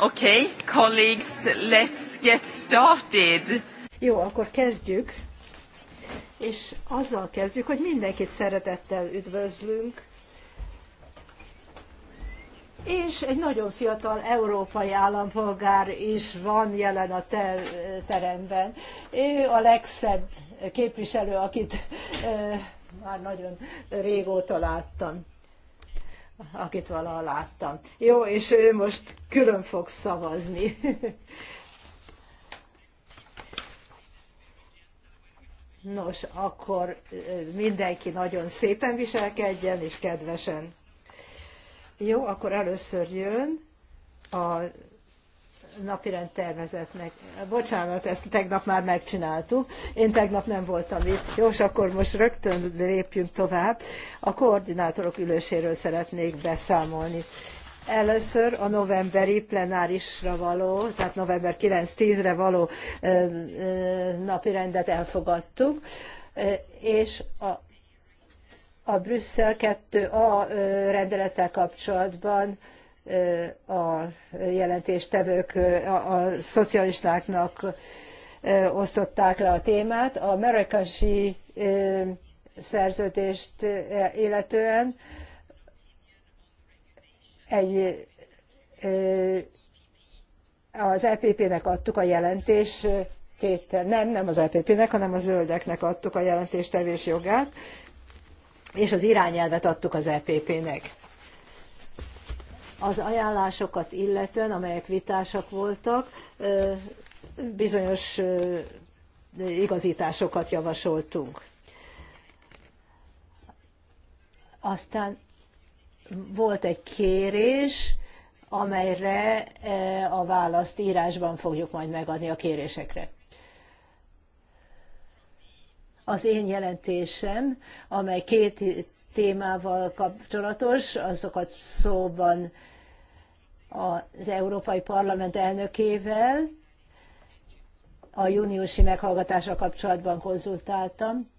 Okay, colleagues, let's get started. Jó, akkor kezdjük. És azzal kezdjük, hogy mindenkit szeretettel üdvözlünk. És egy nagyon fiatal európai állampolgár is van jelen a te teremben. Ő a legszebb képviselő, akit már nagyon régóta láttam akit valaha láttam. Jó, és ő most külön fog szavazni. Nos, akkor mindenki nagyon szépen viselkedjen és kedvesen. Jó, akkor először jön a napirend tervezetnek. Bocsánat, ezt tegnap már megcsináltuk. Én tegnap nem voltam itt. Jó, és akkor most rögtön lépjünk tovább. A koordinátorok üléséről szeretnék beszámolni. Először a novemberi plenárisra való, tehát november 9-10-re való napirendet elfogadtuk, és a, a Brüsszel 2A rendelettel kapcsolatban a jelentéstevők, a, a szocialistáknak osztották le a témát. A merekasi szerződést illetően egy az EPP-nek adtuk a jelentés tétel, nem, nem az EPP-nek, hanem a zöldeknek adtuk a jelentéstevés jogát, és az irányelvet adtuk az EPP-nek. Az ajánlásokat illetően, amelyek vitásak voltak, bizonyos igazításokat javasoltunk. Aztán volt egy kérés, amelyre a választ írásban fogjuk majd megadni a kérésekre. Az én jelentésem, amely két témával kapcsolatos, azokat szóban az Európai Parlament elnökével, a júniusi meghallgatása kapcsolatban konzultáltam,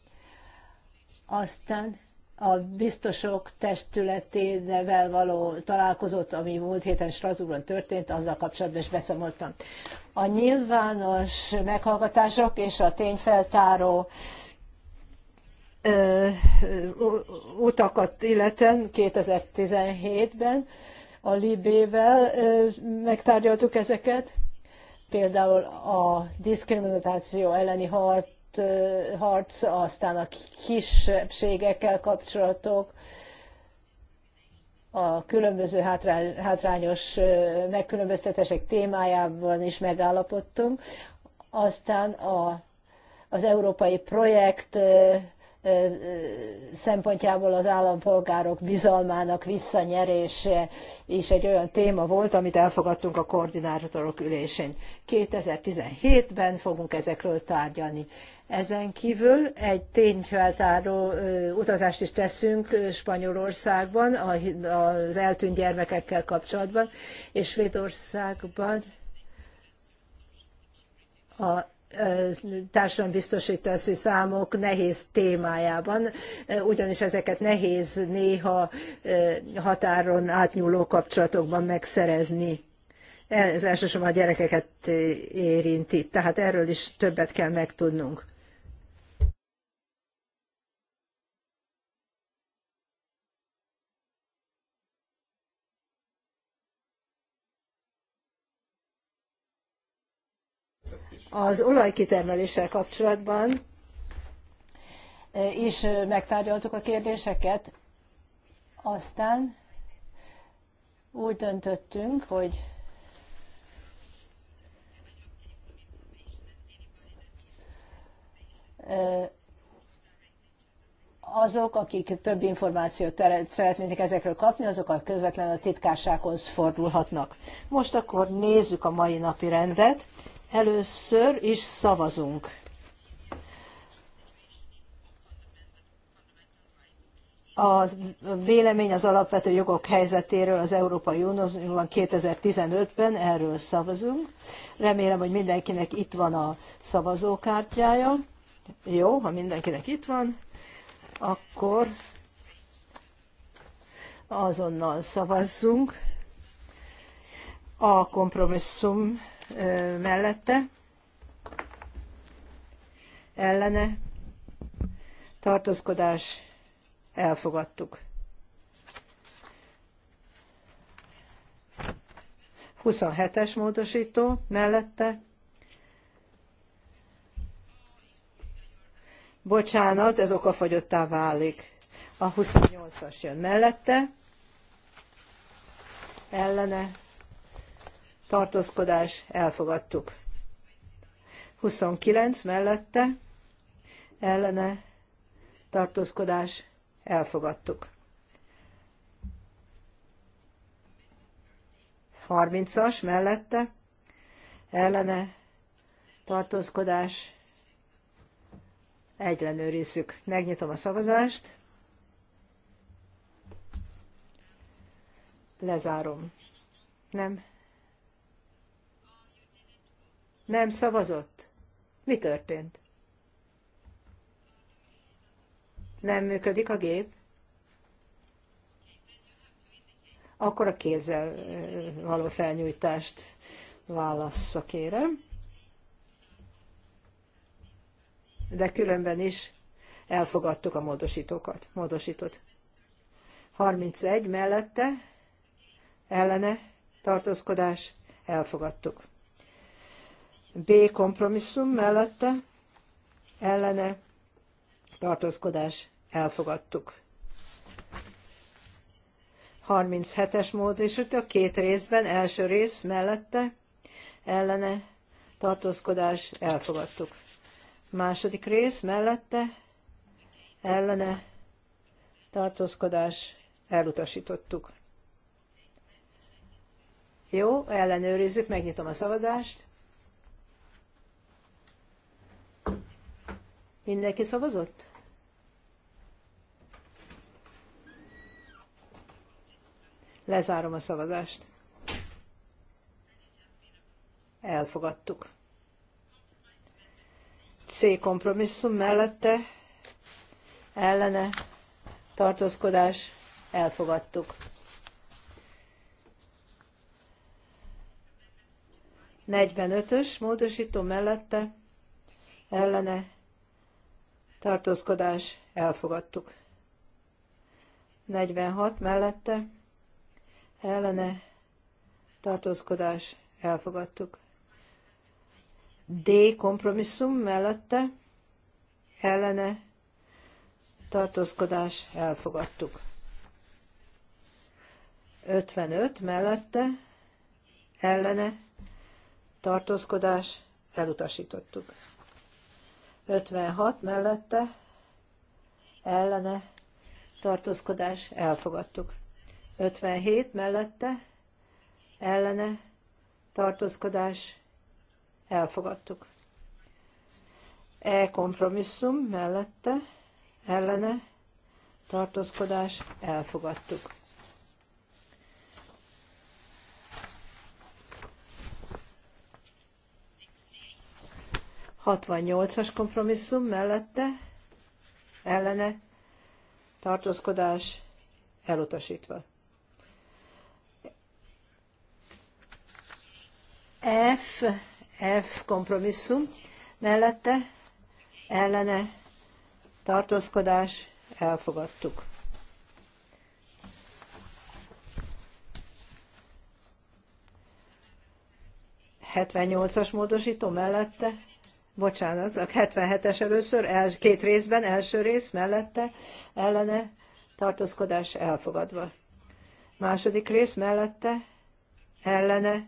aztán a biztosok testületével való találkozott, ami múlt héten Strasbourgban történt, azzal kapcsolatban is beszámoltam. A nyilvános meghallgatások és a tényfeltáró ö, utakat illetően 2017-ben a Libével megtárgyaltuk ezeket, például a diszkriminatáció elleni harc, harc, aztán a kisebbségekkel kapcsolatok, a különböző hátrányos megkülönböztetések témájában is megállapodtunk. Aztán a, az európai projekt szempontjából az állampolgárok bizalmának visszanyerése is egy olyan téma volt, amit elfogadtunk a koordinátorok ülésén. 2017-ben fogunk ezekről tárgyalni. Ezen kívül egy tényfeltáró utazást is teszünk Spanyolországban az eltűnt gyermekekkel kapcsolatban, és Svédországban a társadalombiztosítási számok nehéz témájában, ugyanis ezeket nehéz néha határon átnyúló kapcsolatokban megszerezni. Ez elsősorban a gyerekeket érinti, tehát erről is többet kell megtudnunk. Az olajkitermeléssel kapcsolatban e, is e, megtárgyaltuk a kérdéseket, aztán úgy döntöttünk, hogy e, azok, akik több információt szeretnének ezekről kapni, azok a közvetlenül a titkársághoz fordulhatnak. Most akkor nézzük a mai napi rendet először is szavazunk. A vélemény az alapvető jogok helyzetéről az Európai Unióban 2015-ben, erről szavazunk. Remélem, hogy mindenkinek itt van a szavazókártyája. Jó, ha mindenkinek itt van, akkor azonnal szavazzunk. A kompromisszum mellette, ellene, tartózkodás, elfogadtuk. 27-es módosító mellette. Bocsánat, ez okafagyottá válik. A 28-as jön mellette. Ellene tartózkodás, elfogadtuk. 29 mellette, ellene, tartózkodás, elfogadtuk. 30-as mellette, ellene, tartózkodás, egylenőrizzük. Megnyitom a szavazást. Lezárom. Nem. Nem szavazott? Mi történt? Nem működik a gép? Akkor a kézzel eh, való felnyújtást válassza, kérem. De különben is elfogadtuk a módosítókat, módosított. 31 mellette ellene tartózkodás elfogadtuk. B kompromisszum mellette ellene tartózkodás elfogadtuk. 37-es a két részben, első rész mellette ellene tartózkodás elfogadtuk. Második rész mellette ellene tartózkodás elutasítottuk. Jó, ellenőrizzük, megnyitom a szavazást. Mindenki szavazott? Lezárom a szavazást. Elfogadtuk. C kompromisszum mellette ellene tartózkodás elfogadtuk. Negyvenötös. módosító mellette ellene tartózkodás, elfogadtuk. 46 mellette, ellene, tartózkodás, elfogadtuk. D kompromisszum mellette, ellene, tartózkodás, elfogadtuk. 55 mellette, ellene, tartózkodás, elutasítottuk. 56 mellette ellene tartózkodás elfogadtuk. 57 mellette ellene tartózkodás elfogadtuk. E kompromisszum mellette ellene tartózkodás elfogadtuk. 68-as kompromisszum mellette ellene tartózkodás elutasítva. F, F kompromisszum mellette ellene tartózkodás elfogadtuk. Hetvennyolcas módosító mellette bocsánat, a 77-es először, el, két részben, első rész mellette, ellene, tartózkodás elfogadva. Második rész mellette, ellene,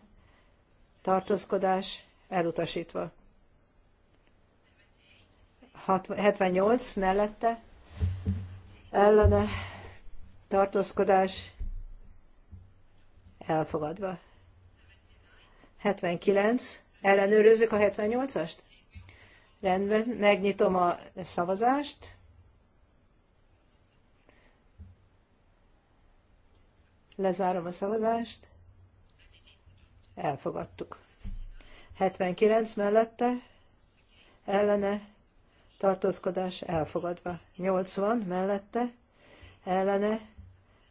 tartózkodás elutasítva. 78 mellette, ellene, tartózkodás elfogadva. 79, ellenőrözzük a 78-ast? Rendben, megnyitom a szavazást. Lezárom a szavazást. Elfogadtuk. 79 mellette, ellene, tartózkodás elfogadva. 80 mellette, ellene,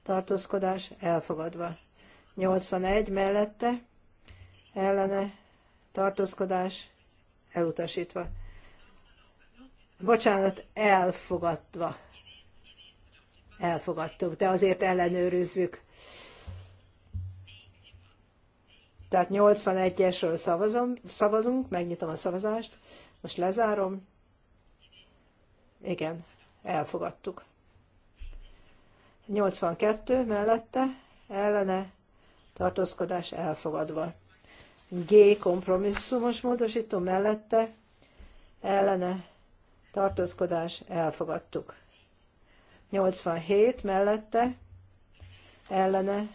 tartózkodás elfogadva. 81 mellette, ellene, tartózkodás elutasítva. Bocsánat, elfogadva. Elfogadtuk, de azért ellenőrizzük. Tehát 81-esről szavazom, szavazunk, megnyitom a szavazást, most lezárom. Igen, elfogadtuk. 82 mellette, ellene, tartózkodás elfogadva. G kompromisszumos módosító mellette, ellene, tartózkodás, elfogadtuk. 87 mellette, ellene,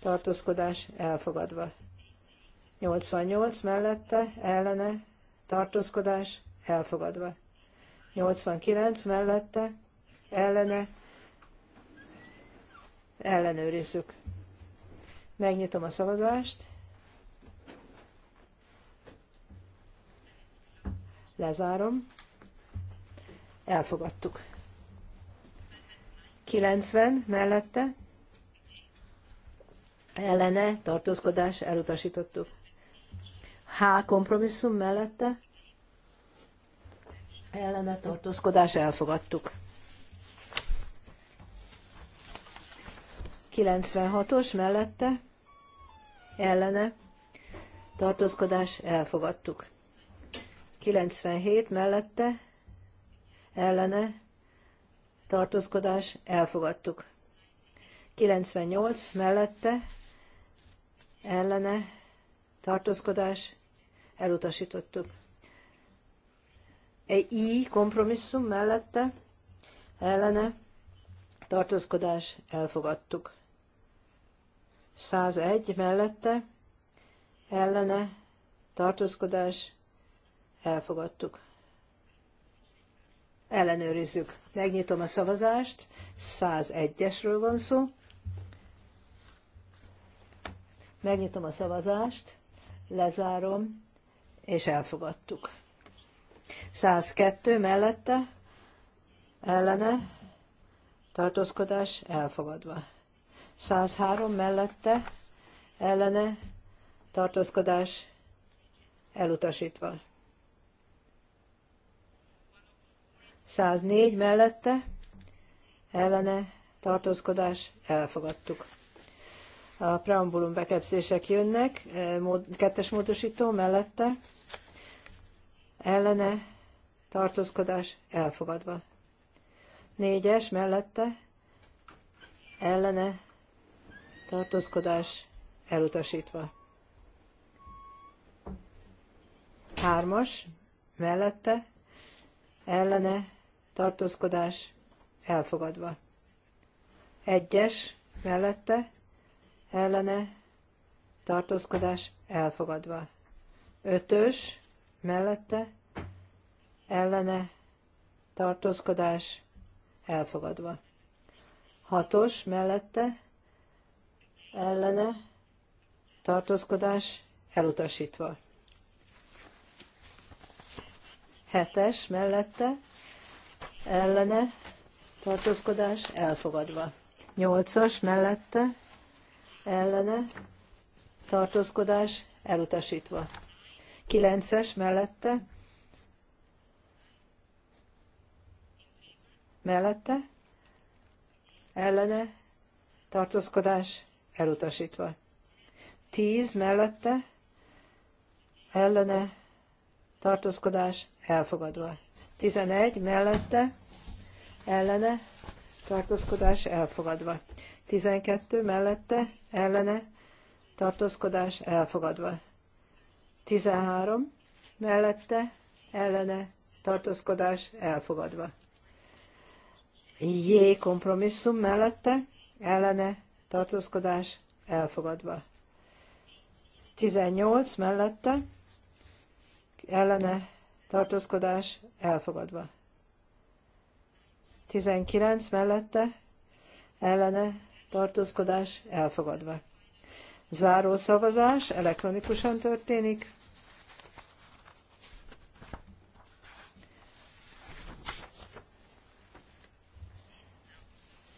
tartózkodás, elfogadva. 88 mellette, ellene, tartózkodás, elfogadva. 89 mellette, ellene, ellenőrizzük. Megnyitom a szavazást. Lezárom elfogadtuk. 90 mellette ellene tartózkodás elutasítottuk. H kompromisszum mellette ellene tartózkodás elfogadtuk. 96-os mellette ellene tartózkodás elfogadtuk. 97 mellette ellene tartózkodás elfogadtuk. 98 mellette ellene tartózkodás elutasítottuk. E I kompromisszum mellette ellene tartózkodás elfogadtuk. 101 mellette ellene tartózkodás elfogadtuk ellenőrizzük. Megnyitom a szavazást, 101-esről van szó. Megnyitom a szavazást, lezárom, és elfogadtuk. 102 mellette, ellene, tartózkodás elfogadva. 103 mellette, ellene, tartózkodás elutasítva. 104 mellette ellene tartózkodás elfogadtuk. A preambulum bekepszések jönnek, e, kettes módosító mellette ellene tartózkodás elfogadva. Négyes mellette ellene tartózkodás elutasítva. Hármas mellette ellene tartózkodás elfogadva. Egyes mellette ellene tartózkodás elfogadva. Ötös mellette ellene tartózkodás elfogadva. Hatos mellette ellene tartózkodás elutasítva. Hetes mellette ellene tartózkodás elfogadva. Nyolcas mellette ellene tartózkodás elutasítva. Kilences mellette mellette ellene tartózkodás elutasítva. Tíz mellette ellene tartózkodás elfogadva. 11 mellette ellene tartózkodás elfogadva. 12 mellette ellene tartózkodás elfogadva. 13 mellette ellene tartózkodás elfogadva. J kompromisszum mellette ellene tartózkodás elfogadva. 18 mellette ellene tartózkodás elfogadva. 19 mellette ellene tartózkodás elfogadva. Záró szavazás elektronikusan történik.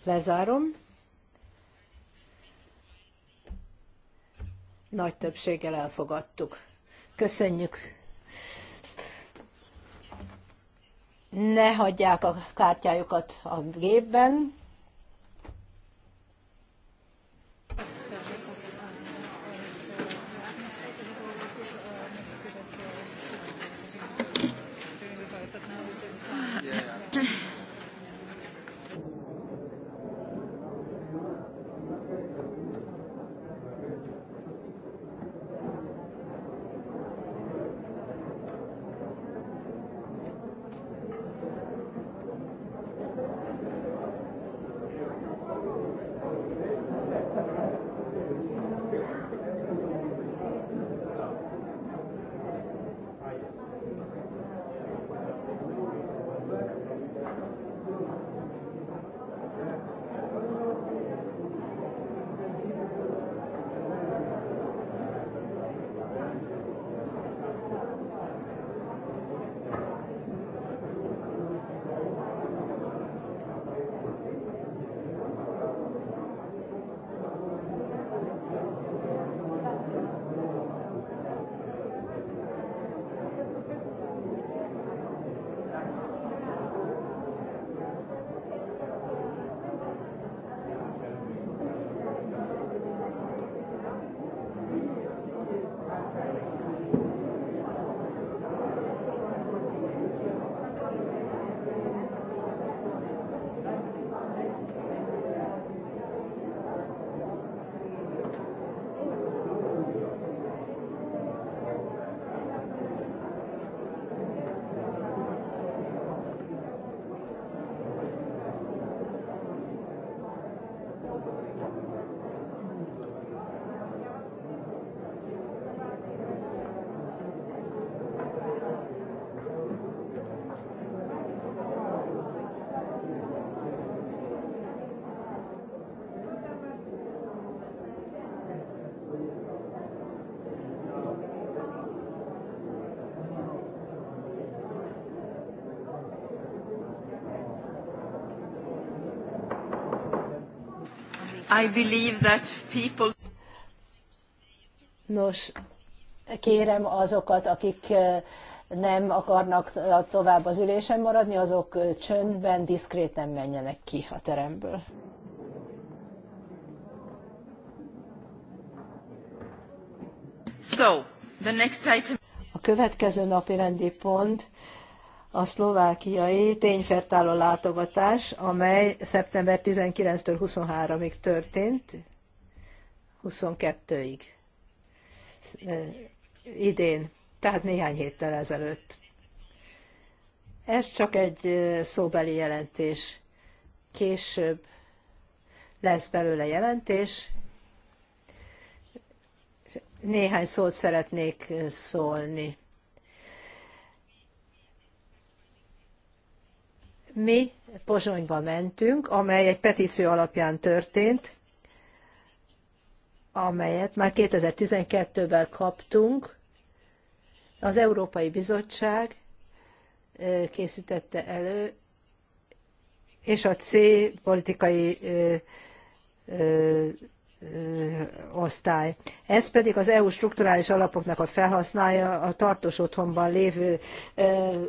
Lezárom. Nagy többséggel elfogadtuk. Köszönjük! ne hagyják a kártyájukat a gépben, I believe that people... Nos, kérem azokat, akik nem akarnak tovább az ülésen maradni, azok csöndben, diszkréten menjenek ki a teremből. So, the next item... A következő napi rendi pont a szlovákiai tényfertáló látogatás, amely szeptember 19-től 23-ig történt, 22-ig idén, tehát néhány héttel ezelőtt. Ez csak egy szóbeli jelentés. Később lesz belőle jelentés. Néhány szót szeretnék szólni Mi Pozsonyba mentünk, amely egy petíció alapján történt, amelyet már 2012-ben kaptunk. Az Európai Bizottság készítette elő, és a C politikai osztály. Ez pedig az EU strukturális alapoknak a felhasználja a tartós otthonban lévő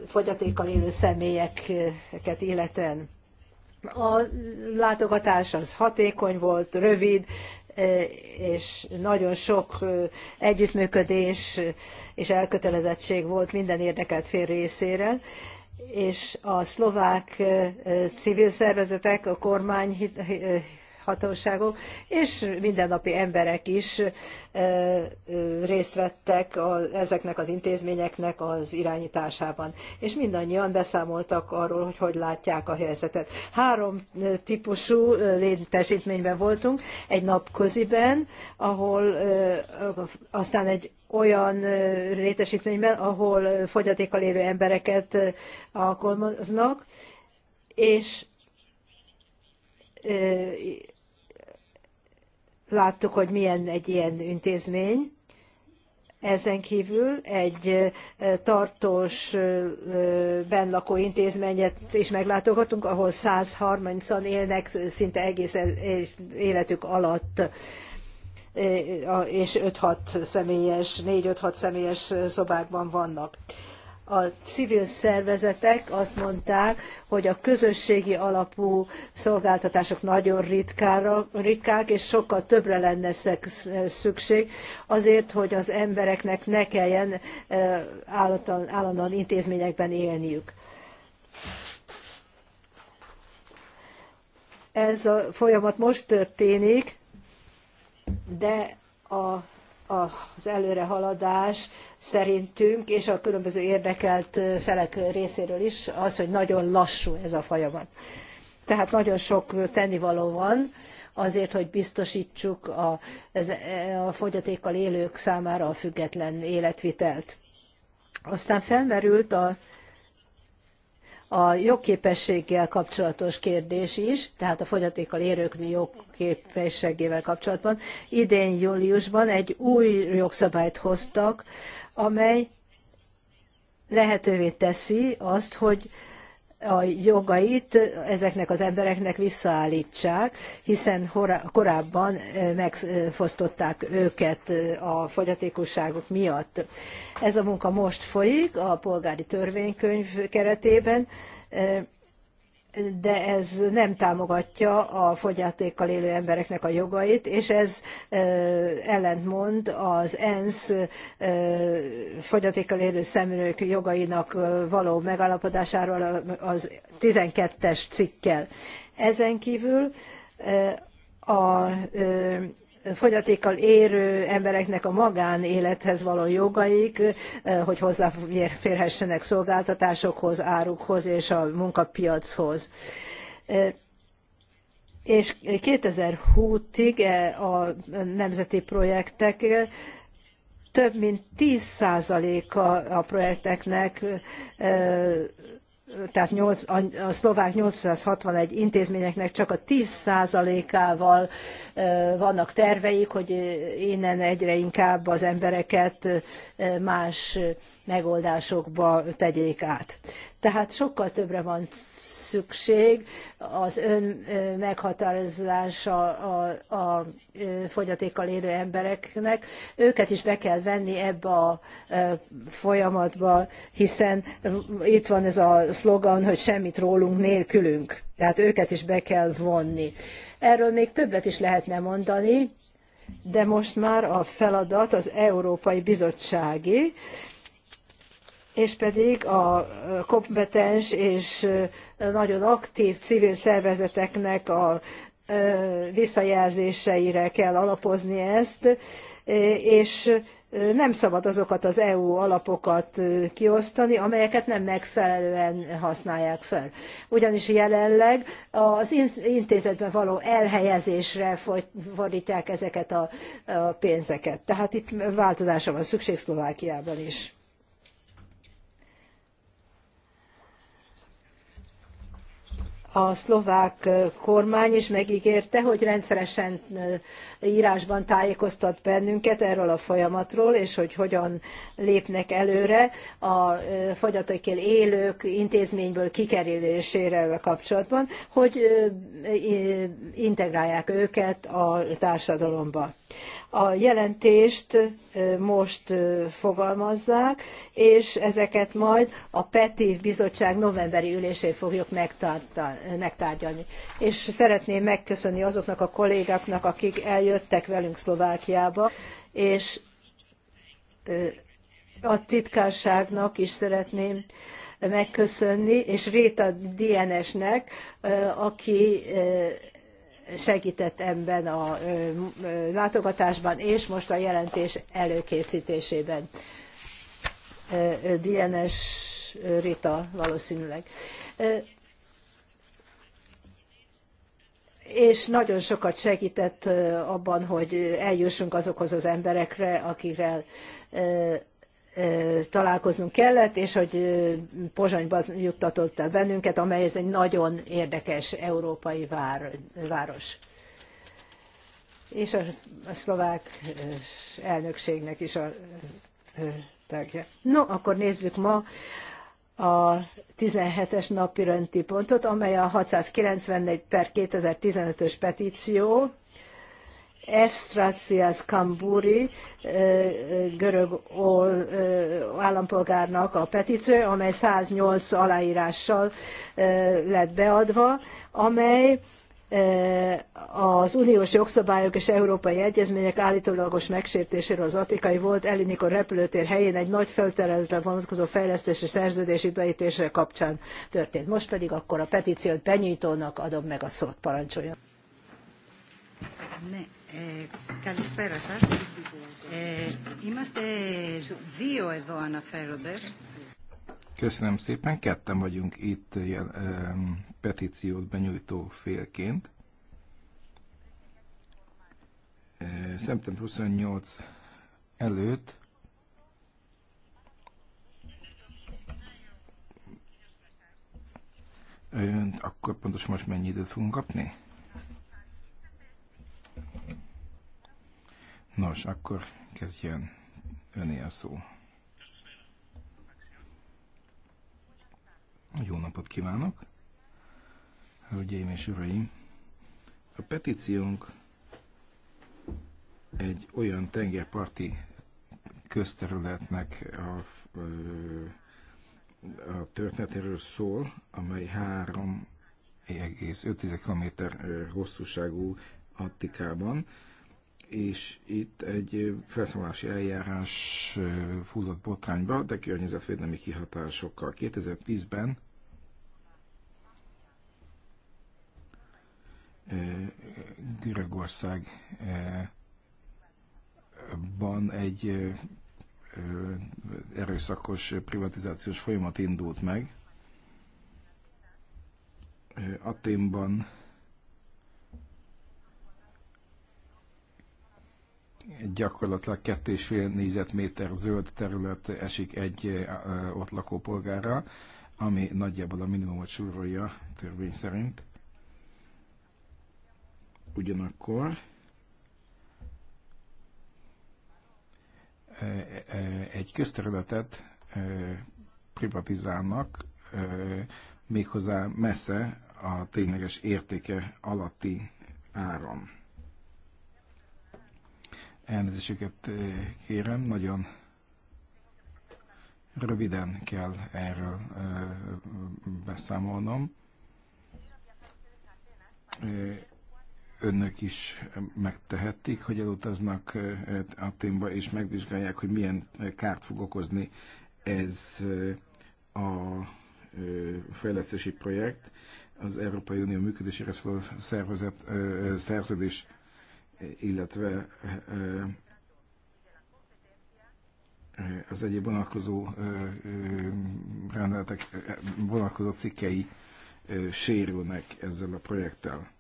fogyatékkal élő személyeket illetően. A látogatás az hatékony volt, rövid, és nagyon sok együttműködés és elkötelezettség volt minden érdekelt fél részére, és a szlovák civil szervezetek, a kormány hatóságok, és mindennapi emberek is részt vettek a, ezeknek az intézményeknek az irányításában. És mindannyian beszámoltak arról, hogy hogy látják a helyzetet. Három típusú létesítményben voltunk, egy napköziben, ahol aztán egy olyan létesítményben, ahol fogyatékkal élő embereket alkalmaznak, és láttuk, hogy milyen egy ilyen intézmény. Ezen kívül egy tartós benlakó intézményet is meglátogatunk, ahol 130-an élnek szinte egész életük alatt és 5-6 személyes, 4-5-6 személyes szobákban vannak. A civil szervezetek azt mondták, hogy a közösségi alapú szolgáltatások nagyon ritkára, ritkák, és sokkal többre lenne szükség azért, hogy az embereknek ne kelljen e, állandóan intézményekben élniük. Ez a folyamat most történik, de a az előrehaladás szerintünk, és a különböző érdekelt felek részéről is az, hogy nagyon lassú ez a folyamat. Tehát nagyon sok tennivaló van azért, hogy biztosítsuk a, a fogyatékkal élők számára a független életvitelt. Aztán felmerült a a jogképességgel kapcsolatos kérdés is, tehát a fogyatékkal érőknél jogképességével kapcsolatban. Idén júliusban egy új jogszabályt hoztak, amely lehetővé teszi azt, hogy a jogait ezeknek az embereknek visszaállítsák, hiszen korábban eh, megfosztották őket eh, a fogyatékosságuk miatt. Ez a munka most folyik a polgári törvénykönyv keretében, eh, de ez nem támogatja a fogyatékkal élő embereknek a jogait, és ez ellentmond az ENSZ fogyatékkal élő szemlők jogainak való megállapodásáról az 12-es cikkel. Ezen kívül a fogyatékkal érő embereknek a magánélethez való jogaik, eh, hogy hozzáférhessenek szolgáltatásokhoz, árukhoz és a munkapiachoz. Eh, és 2020-ig eh, a nemzeti projektek több mint 10%-a a projekteknek tehát 8, a szlovák 861 intézményeknek csak a 10%-ával vannak terveik, hogy innen egyre inkább az embereket más megoldásokba tegyék át. Tehát sokkal többre van szükség az ön meghatározása a, a fogyatékkal élő embereknek. Őket is be kell venni ebbe a folyamatba, hiszen itt van ez a szlogan, hogy semmit rólunk nélkülünk. Tehát őket is be kell vonni. Erről még többet is lehetne mondani, de most már a feladat az Európai Bizottsági, és pedig a kompetens és nagyon aktív civil szervezeteknek a visszajelzéseire kell alapozni ezt, és nem szabad azokat az EU alapokat kiosztani, amelyeket nem megfelelően használják fel. Ugyanis jelenleg az intézetben való elhelyezésre fordítják ezeket a pénzeket. Tehát itt változásra van szükség Szlovákiában is. a szlovák kormány is megígérte, hogy rendszeresen írásban tájékoztat bennünket erről a folyamatról, és hogy hogyan lépnek előre a fogyatékkel élők intézményből kikerülésére kapcsolatban, hogy integrálják őket a társadalomba. A jelentést most fogalmazzák, és ezeket majd a PETI bizottság novemberi ülésén fogjuk megtartani megtárgyalni. És szeretném megköszönni azoknak a kollégáknak, akik eljöttek velünk Szlovákiába, és a titkárságnak is szeretném megköszönni, és Réta DNS-nek, aki segített ebben a látogatásban, és most a jelentés előkészítésében. DNS Rita valószínűleg. és nagyon sokat segített abban, hogy eljussunk azokhoz az emberekre, akikkel találkoznunk kellett, és hogy Pozsonyba juttatott el bennünket, amely ez egy nagyon érdekes európai vár, város. És a, a szlovák elnökségnek is a tagja. No, akkor nézzük ma a 17-es napi rendi pontot, amely a 694 per 2015-ös petíció, F. Stratias Kamburi görög állampolgárnak a petíció, amely 108 aláírással lett beadva, amely Eh, az uniós jogszabályok és európai egyezmények állítólagos megsértéséről az atikai volt Elinikor repülőtér helyén egy nagy felterelőtre vonatkozó fejlesztési szerződés ideítésre kapcsán történt. Most pedig akkor a petíciót benyújtónak adom meg a szót, parancsoljon. Ne. Ε, eh, Köszönöm szépen, ketten vagyunk itt ilyen, ö, petíciót benyújtó félként. Szeptember 28 előtt Önt, akkor pontosan most mennyi időt fogunk kapni? Nos, akkor kezdjen öné a szó. jó napot kívánok! Hölgyeim és Uraim! A petíciónk egy olyan tengerparti közterületnek a, a történetéről szól, amely 3,5 km hosszúságú Attikában, és itt egy felszámolási eljárás fullott botrányba, de környezetvédelmi kihatásokkal. 2010-ben Görögországban egy erőszakos privatizációs folyamat indult meg. Aténban gyakorlatilag kettő négyzetméter zöld terület esik egy ott lakó polgára, ami nagyjából a minimumot súrolja törvény szerint. Ugyanakkor egy közterületet privatizálnak, méghozzá messze a tényleges értéke alatti áron. Elnézéseket kérem, nagyon röviden kell erről beszámolnom önök is megtehették, hogy elutaznak eh, eh, Aténba és megvizsgálják, hogy milyen eh, kárt fog okozni ez a fejlesztési projekt az Európai Unió működésére szóló szervezet, szerződés, illetve az egyéb vonatkozó rendeletek vonatkozó cikkei sérülnek ezzel a projekttel.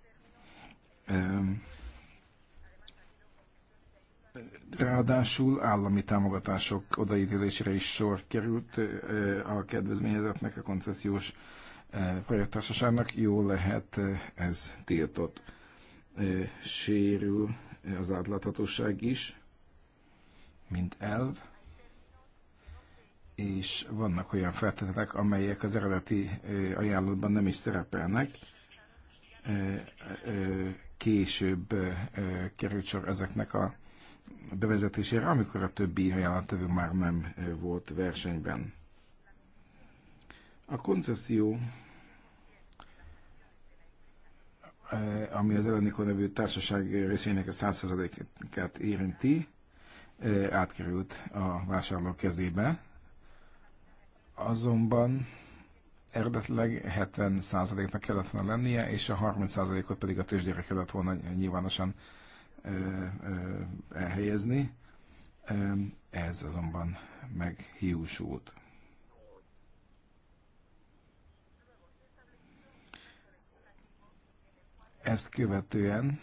Ráadásul állami támogatások odaítélésére is sor került a kedvezményezetnek, a koncesziós projekttársaságnak. Jó lehet, ez tiltott. Sérül az átláthatóság is, mint elv, és vannak olyan feltételek, amelyek az eredeti ajánlatban nem is szerepelnek később került sor ezeknek a bevezetésére, amikor a többi ajánlattevő már nem volt versenyben. A koncesszió, ami az Elenikon nevű társaság részvénynek a 100%-át érinti, átkerült a vásárló kezébe. Azonban eredetileg 70%-nak kellett volna lennie, és a 30%-ot pedig a tőzsdére kellett volna nyilvánosan ö, ö, elhelyezni. Ez azonban meghiúsult. Ezt követően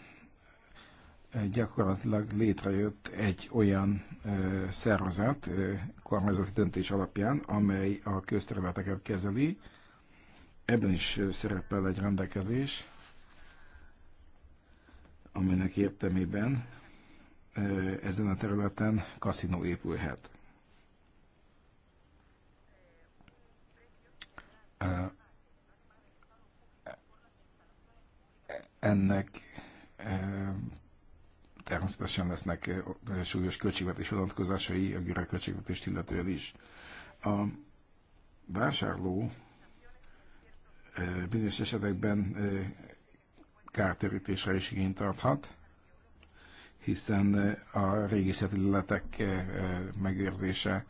gyakorlatilag létrejött egy olyan ö, szervezet ö, kormányzati döntés alapján, amely a közterületeket kezeli, Ebben is szerepel egy rendelkezés, aminek értelmében ezen a területen kaszinó épülhet. Ennek természetesen lesznek súlyos költségvetés vonatkozásai a görög költségvetést illetően is. A vásárló bizonyos esetekben kártérítésre is igényt tarthat, hiszen a régészeti leletek megőrzése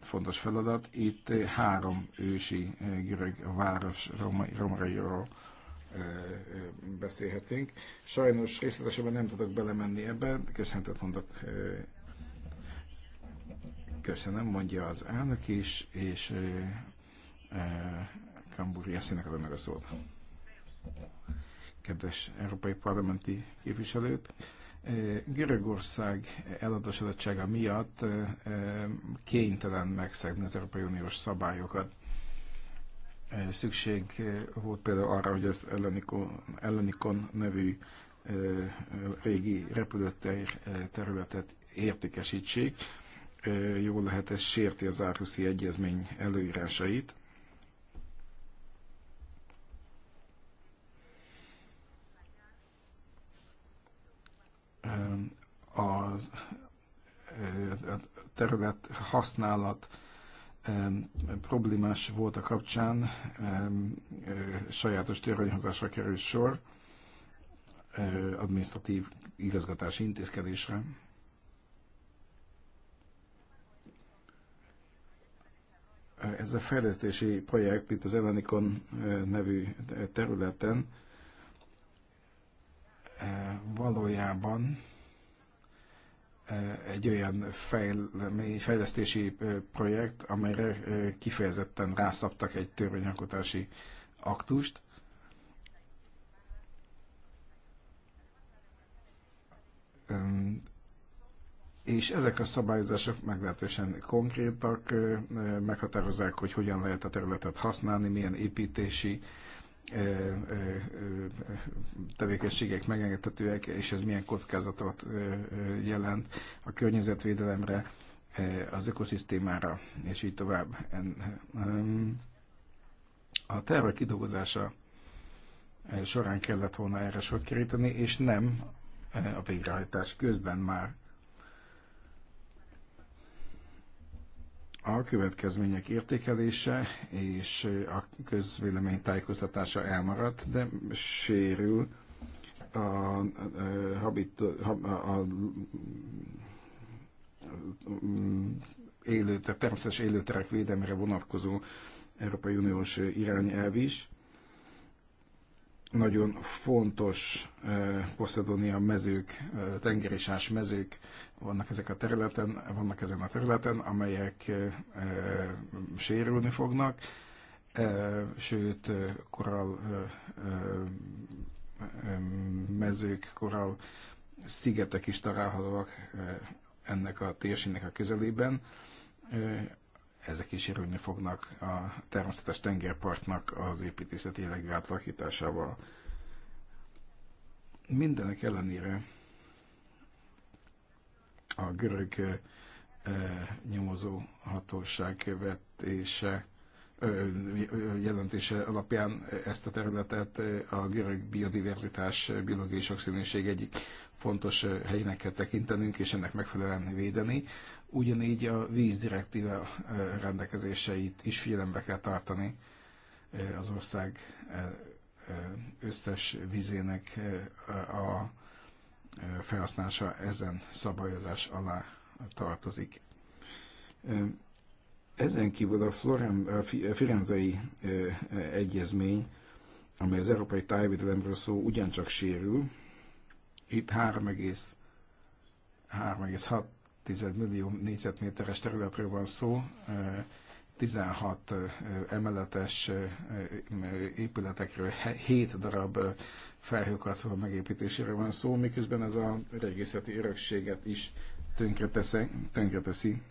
fontos feladat. Itt három ősi görög város romairól beszélhetünk. Sajnos részletesebben nem tudok belemenni ebbe, köszönetet mondok köszönöm, mondja az elnök is, és Kamburi eszének adom meg a szót. Kedves európai parlamenti képviselőt, eh, Görögország eladósodottsága miatt eh, eh, kénytelen megszegni az Európai Uniós szabályokat. Szükség volt például arra, hogy az Ellenikon, Ellenikon nevű régi repülőtér területet értékesítsék. Jól lehet, ez sérti az Árhuszi Egyezmény előírásait. a terület használat problémás volt a kapcsán, sajátos törvényhozásra kerül sor, administratív igazgatási intézkedésre. Ez a fejlesztési projekt itt az Elenikon nevű területen Eh, valójában eh, egy olyan fejlesztési eh, projekt, amelyre kifejezetten rászabtak egy törvényalkotási aktust. És ezek a szabályozások meglehetősen konkrétak, meghatározzák, hogy hogyan lehet a területet használni, milyen építési tevékenységek megengedhetőek, és ez milyen kockázatot jelent a környezetvédelemre, az ökoszisztémára, és így tovább. A tervek kidolgozása során kellett volna erre sort keríteni, és nem a végrehajtás közben már a következmények értékelése és a közvélemény tájékoztatása elmaradt, de sérül a, a, a, a, a, a a természetes élőterek védelmére vonatkozó Európai Uniós irányelv is nagyon fontos eh, Poszedónia mezők, eh, tengerisás mezők vannak ezek a területen, vannak ezen a területen, amelyek eh, sérülni fognak, sőt, koral mezők, koral szigetek is találhatóak ennek a térségnek a közelében ezek is érülni fognak a természetes tengerpartnak az építészet jellegű átalakításával. Mindenek ellenére a görög e, nyomozó hatóság vetése jelentése alapján ezt a területet eh, a görög biodiverzitás, eh, biológiai sokszínűség egyik fontos helyének kell tekintenünk, és ennek megfelelően védeni ugyanígy a direktíve rendelkezéseit is figyelembe kell tartani az ország összes vizének a felhasználása ezen szabályozás alá tartozik. Ezen kívül a, Florem, a Firenzei Egyezmény, amely az európai tájvédelemről szó, ugyancsak sérül. Itt 3,6 millió négyzetméteres területről van szó, 16 emeletes épületekről 7 darab felhőkarcoló megépítésére van szó, miközben ez a régészeti örökséget is tönkreteszi. tönkreteszi.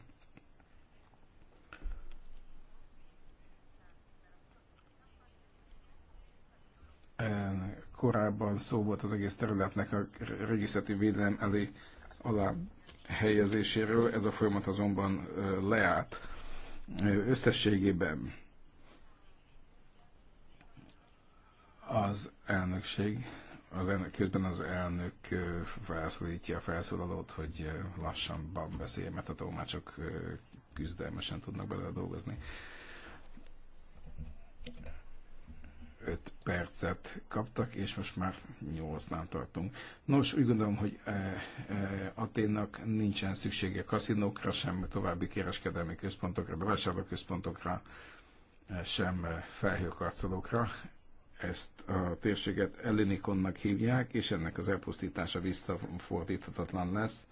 Korábban szó volt az egész területnek a régészeti védelem elé alá helyezéséről. Ez a folyamat azonban leállt összességében. Az elnökség, az elnök, közben az elnök felszólítja a felszólalót, hogy lassanban beszélj, mert a tolmácsok küzdelmesen tudnak bele dolgozni. 5 percet kaptak, és most már 8-nál tartunk. Nos, úgy gondolom, hogy e, eh, e, eh, Aténnak nincsen szüksége kaszinókra, sem további kereskedelmi központokra, bevásárlóközpontokra, eh, sem felhőkarcolókra. Ezt a térséget Ellenikonnak hívják, és ennek az elpusztítása visszafordíthatatlan lesz.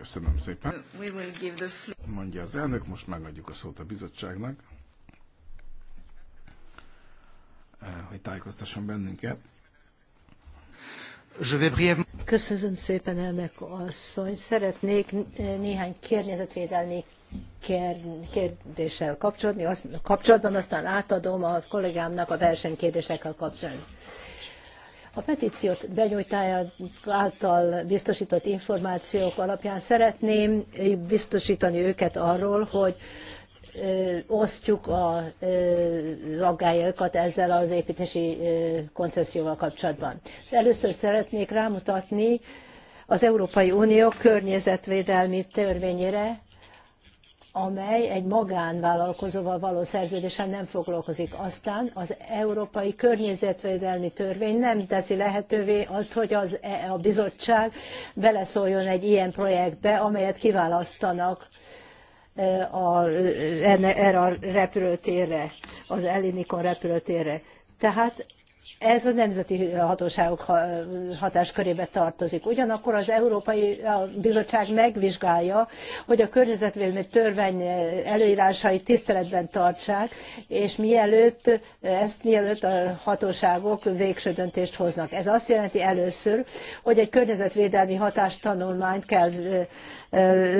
Köszönöm szépen. Mondja az elnök, most megadjuk a szót a bizottságnak, eh, hogy tájékoztasson bennünket. Köszönöm szépen, elnök asszony. Szeretnék néhány környezetvédelmi kérdéssel kapcsolatban, aztán átadom a kollégámnak a versenykérdésekkel kapcsolatban. A petíciót benyújtája által biztosított információk alapján szeretném biztosítani őket arról, hogy osztjuk a aggályokat ezzel az építési koncesszióval kapcsolatban. Először szeretnék rámutatni az Európai Unió környezetvédelmi törvényére, amely egy magánvállalkozóval való szerződésen nem foglalkozik. Aztán az Európai Környezetvédelmi Törvény nem teszi lehetővé azt, hogy az, e- a bizottság beleszóljon egy ilyen projektbe, amelyet kiválasztanak e, a, e, erre a repülőtérre, az Elinikon repülőtérre. Tehát ez a nemzeti hatóságok hatáskörébe tartozik. Ugyanakkor az Európai Bizottság megvizsgálja, hogy a környezetvédelmi törvény előírásait tiszteletben tartsák, és mielőtt, ezt mielőtt a hatóságok végső döntést hoznak. Ez azt jelenti először, hogy egy környezetvédelmi hatástanulmányt kell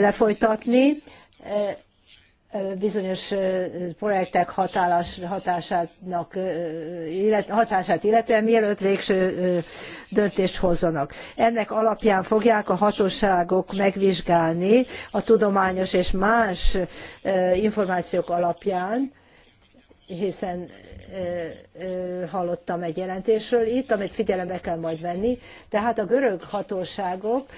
lefolytatni, bizonyos projektek hatálás, hatásának, hatását illetően, mielőtt végső döntést hozzanak. Ennek alapján fogják a hatóságok megvizsgálni a tudományos és más információk alapján, hiszen hallottam egy jelentésről itt, amit figyelembe kell majd venni. Tehát a görög hatóságok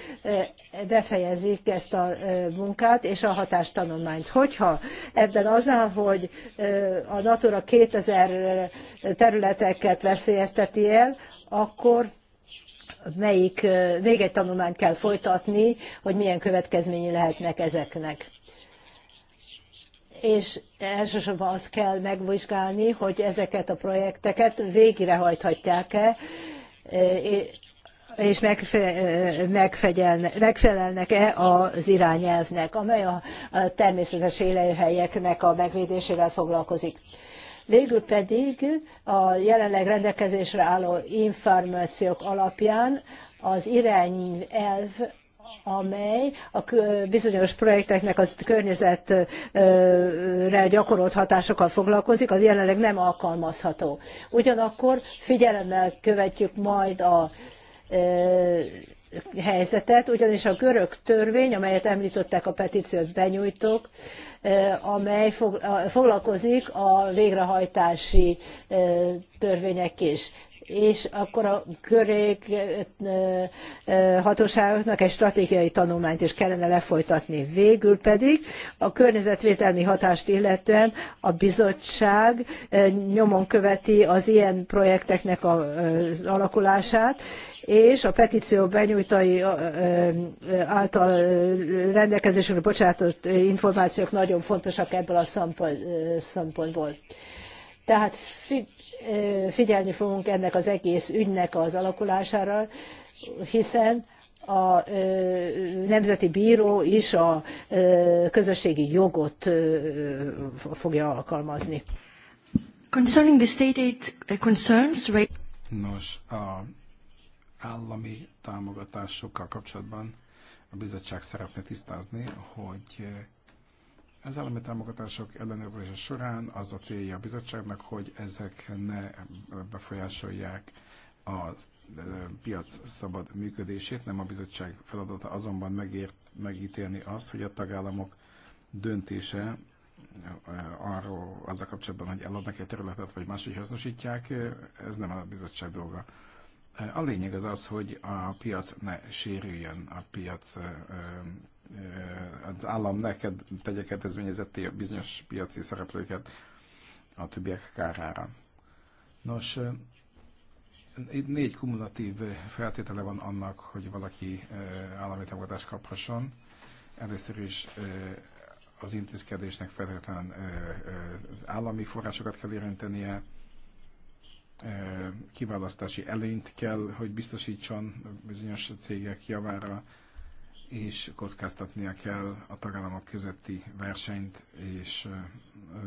befejezik ezt a munkát és a hatástanulmányt. Hogyha ebben az áll, hogy a Natura 2000 területeket veszélyezteti el, akkor melyik, még egy tanulmányt kell folytatni, hogy milyen következményi lehetnek ezeknek és elsősorban azt kell megvizsgálni, hogy ezeket a projekteket végrehajthatják-e, eh, és eh, megfelelnek-e az irányelvnek, amely a természetes élőhelyeknek a megvédésével foglalkozik. Végül pedig a jelenleg rendelkezésre álló információk alapján az irányelv amely a bizonyos projekteknek a környezetre gyakorolt hatásokkal foglalkozik, az jelenleg nem alkalmazható. Ugyanakkor figyelemmel követjük majd a e, helyzetet, ugyanis a görög törvény, amelyet említettek a petíciót benyújtók, e, amely foglalkozik a végrehajtási e, törvények is és akkor a körék hatóságoknak egy stratégiai tanulmányt is kellene lefolytatni. Végül pedig a környezetvédelmi hatást illetően a bizottság nyomon követi az ilyen projekteknek az alakulását, és a petíció benyújtai által rendelkezésre bocsátott információk nagyon fontosak ebből a szempontból. Tehát figyelni fogunk ennek az egész ügynek az alakulására, hiszen a nemzeti bíró is a közösségi jogot fogja alkalmazni. Concerning the state aid concerns, right? Nos, a állami támogatásokkal kapcsolatban a bizottság szeretne tisztázni, hogy az állami támogatások ellenőrzése során az a célja a bizottságnak, hogy ezek ne befolyásolják a piac szabad működését, nem a bizottság feladata azonban megért, megítélni azt, hogy a tagállamok döntése arról az a kapcsolatban, hogy eladnak egy területet, vagy máshogy hasznosítják, ez nem a bizottság dolga. A lényeg az az, hogy a piac ne sérüljön, a piac Eh, az állam neked tegye kedvezményezetté a bizonyos piaci szereplőket a többiek kárára. Nos, eh, itt négy kumulatív feltétele van annak, hogy valaki eh, állami támogatást kaphasson. Először is az intézkedésnek feltétlenül állami forrásokat kell érintenie, kiválasztási előnyt kell, hogy biztosítson bizonyos cégek javára, és kockáztatnia kell a tagállamok közötti versenyt, és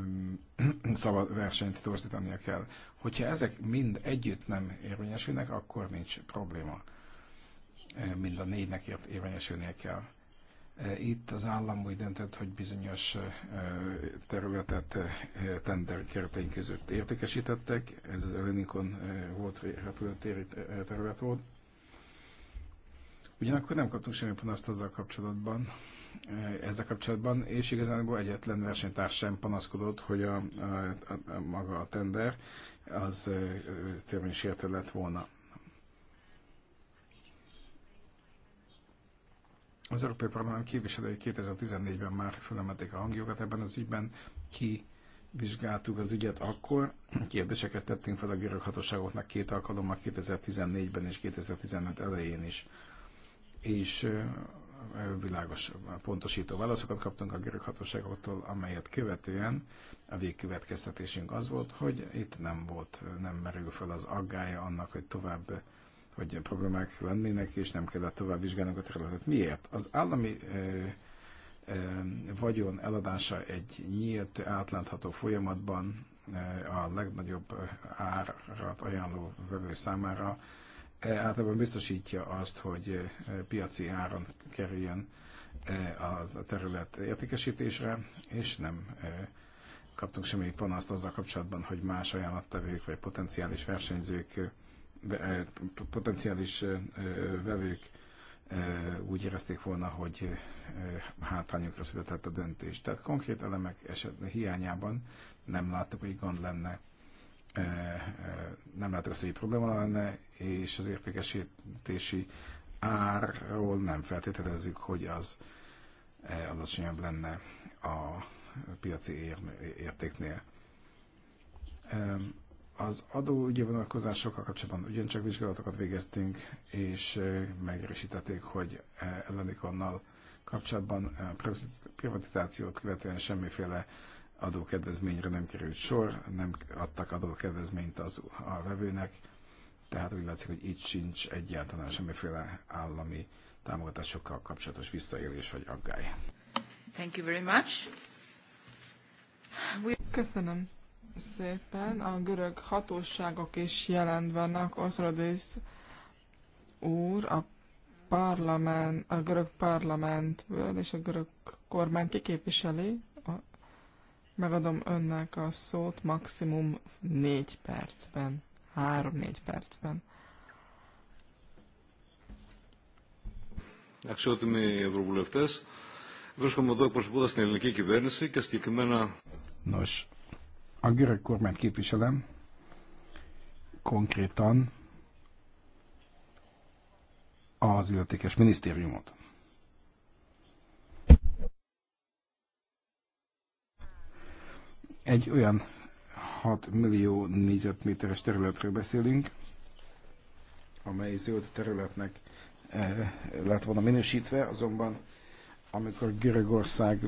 szabad versenyt torzítania kell. Hogyha ezek mind együtt nem érvényesülnek, akkor nincs probléma. Mind a négynek érvényesülnie kell. Itt az állam úgy döntött, hogy bizonyos területet tender keretein között értékesítettek, ez az Elenikon volt repülőtéri terület volt, Ugyanakkor nem kaptunk semmi panaszt azzal kapcsolatban, eh, ezzel kapcsolatban, és igazán egyetlen versenytárs sem panaszkodott, hogy a, a, a, a maga a tender az eh, törvénysértő lett volna. Az Európai Parlament képviselői 2014-ben már fölemelték a hangjukat ebben az ügyben, ki vizsgáltuk az ügyet akkor, kérdéseket tettünk fel a görög hatóságoknak két alkalommal 2014-ben és 2015 elején is és világos, pontosító válaszokat kaptunk a görög hatóságoktól, amelyet követően a végkövetkeztetésünk az volt, hogy itt nem volt, nem merül fel az aggája annak, hogy tovább hogy problémák lennének, és nem kellett tovább vizsgálnunk a területet. Miért? Az állami ö, ö, vagyon eladása egy nyílt, átlátható folyamatban ö, a legnagyobb árat ajánló vevő számára E, általában biztosítja azt, hogy e, piaci áron kerüljön e, a terület értékesítésre, és nem kaptunk semmi panaszt azzal kapcsolatban, hogy más ajánlattevők vagy potenciális versenyzők, potenciális vevők úgy érezték volna, hogy hátrányokra született a döntés. Tehát konkrét elemek eset hiányában nem láttuk, hogy gond lenne Eh, eh, nem lehet összei probléma lenne, és az értékesítési árról nem feltételezzük, hogy az eh, alacsonyabb lenne a piaci értéknél. Az adóügyi vonatkozásokkal kapcsolatban ugyancsak vizsgálatokat végeztünk, és megerősítették, hogy ellenikonnal kapcsolatban privatizációt követően semmiféle adókedvezményre nem került sor, nem adtak adókedvezményt az, a vevőnek, tehát úgy látszik, hogy itt sincs egyáltalán semmiféle állami támogatásokkal kapcsolatos visszaélés vagy aggály. Thank you very much. We... Köszönöm szépen. A görög hatóságok is jelen vannak. Oszrodész úr a, parlament, a görög parlamentből és a görög kormány kiképviseli. Megadom önnek a szót maximum 4 percben, 3-4 percben. Αξιότιμοι ευρωβουλευτές, βρίσκομαι εδώ εκπροσωπώντας την ελληνική κυβέρνηση και συγκεκριμένα... Nos, a görög kormányt képviselem, konkrétan az illetékes minisztériumot. Egy olyan 6 millió négyzetméteres területről beszélünk, amely zöld területnek eh, lett volna minősítve, azonban amikor Görögország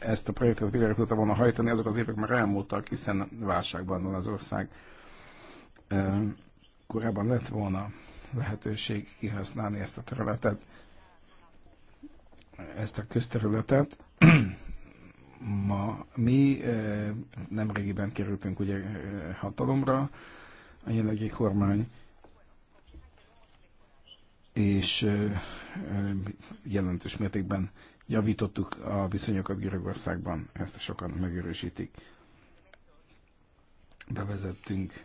ezt a projektet végre tudta volna hajtani, azok az évek már elmúltak, hiszen válságban van az ország. Eh, korábban lett volna lehetőség kihasználni ezt a területet, ezt a közterületet, ma mi nemrégiben kerültünk ugye hatalomra, a jelenlegi kormány, és jelentős mértékben javítottuk a viszonyokat Görögországban, ezt sokan megerősítik. Bevezettünk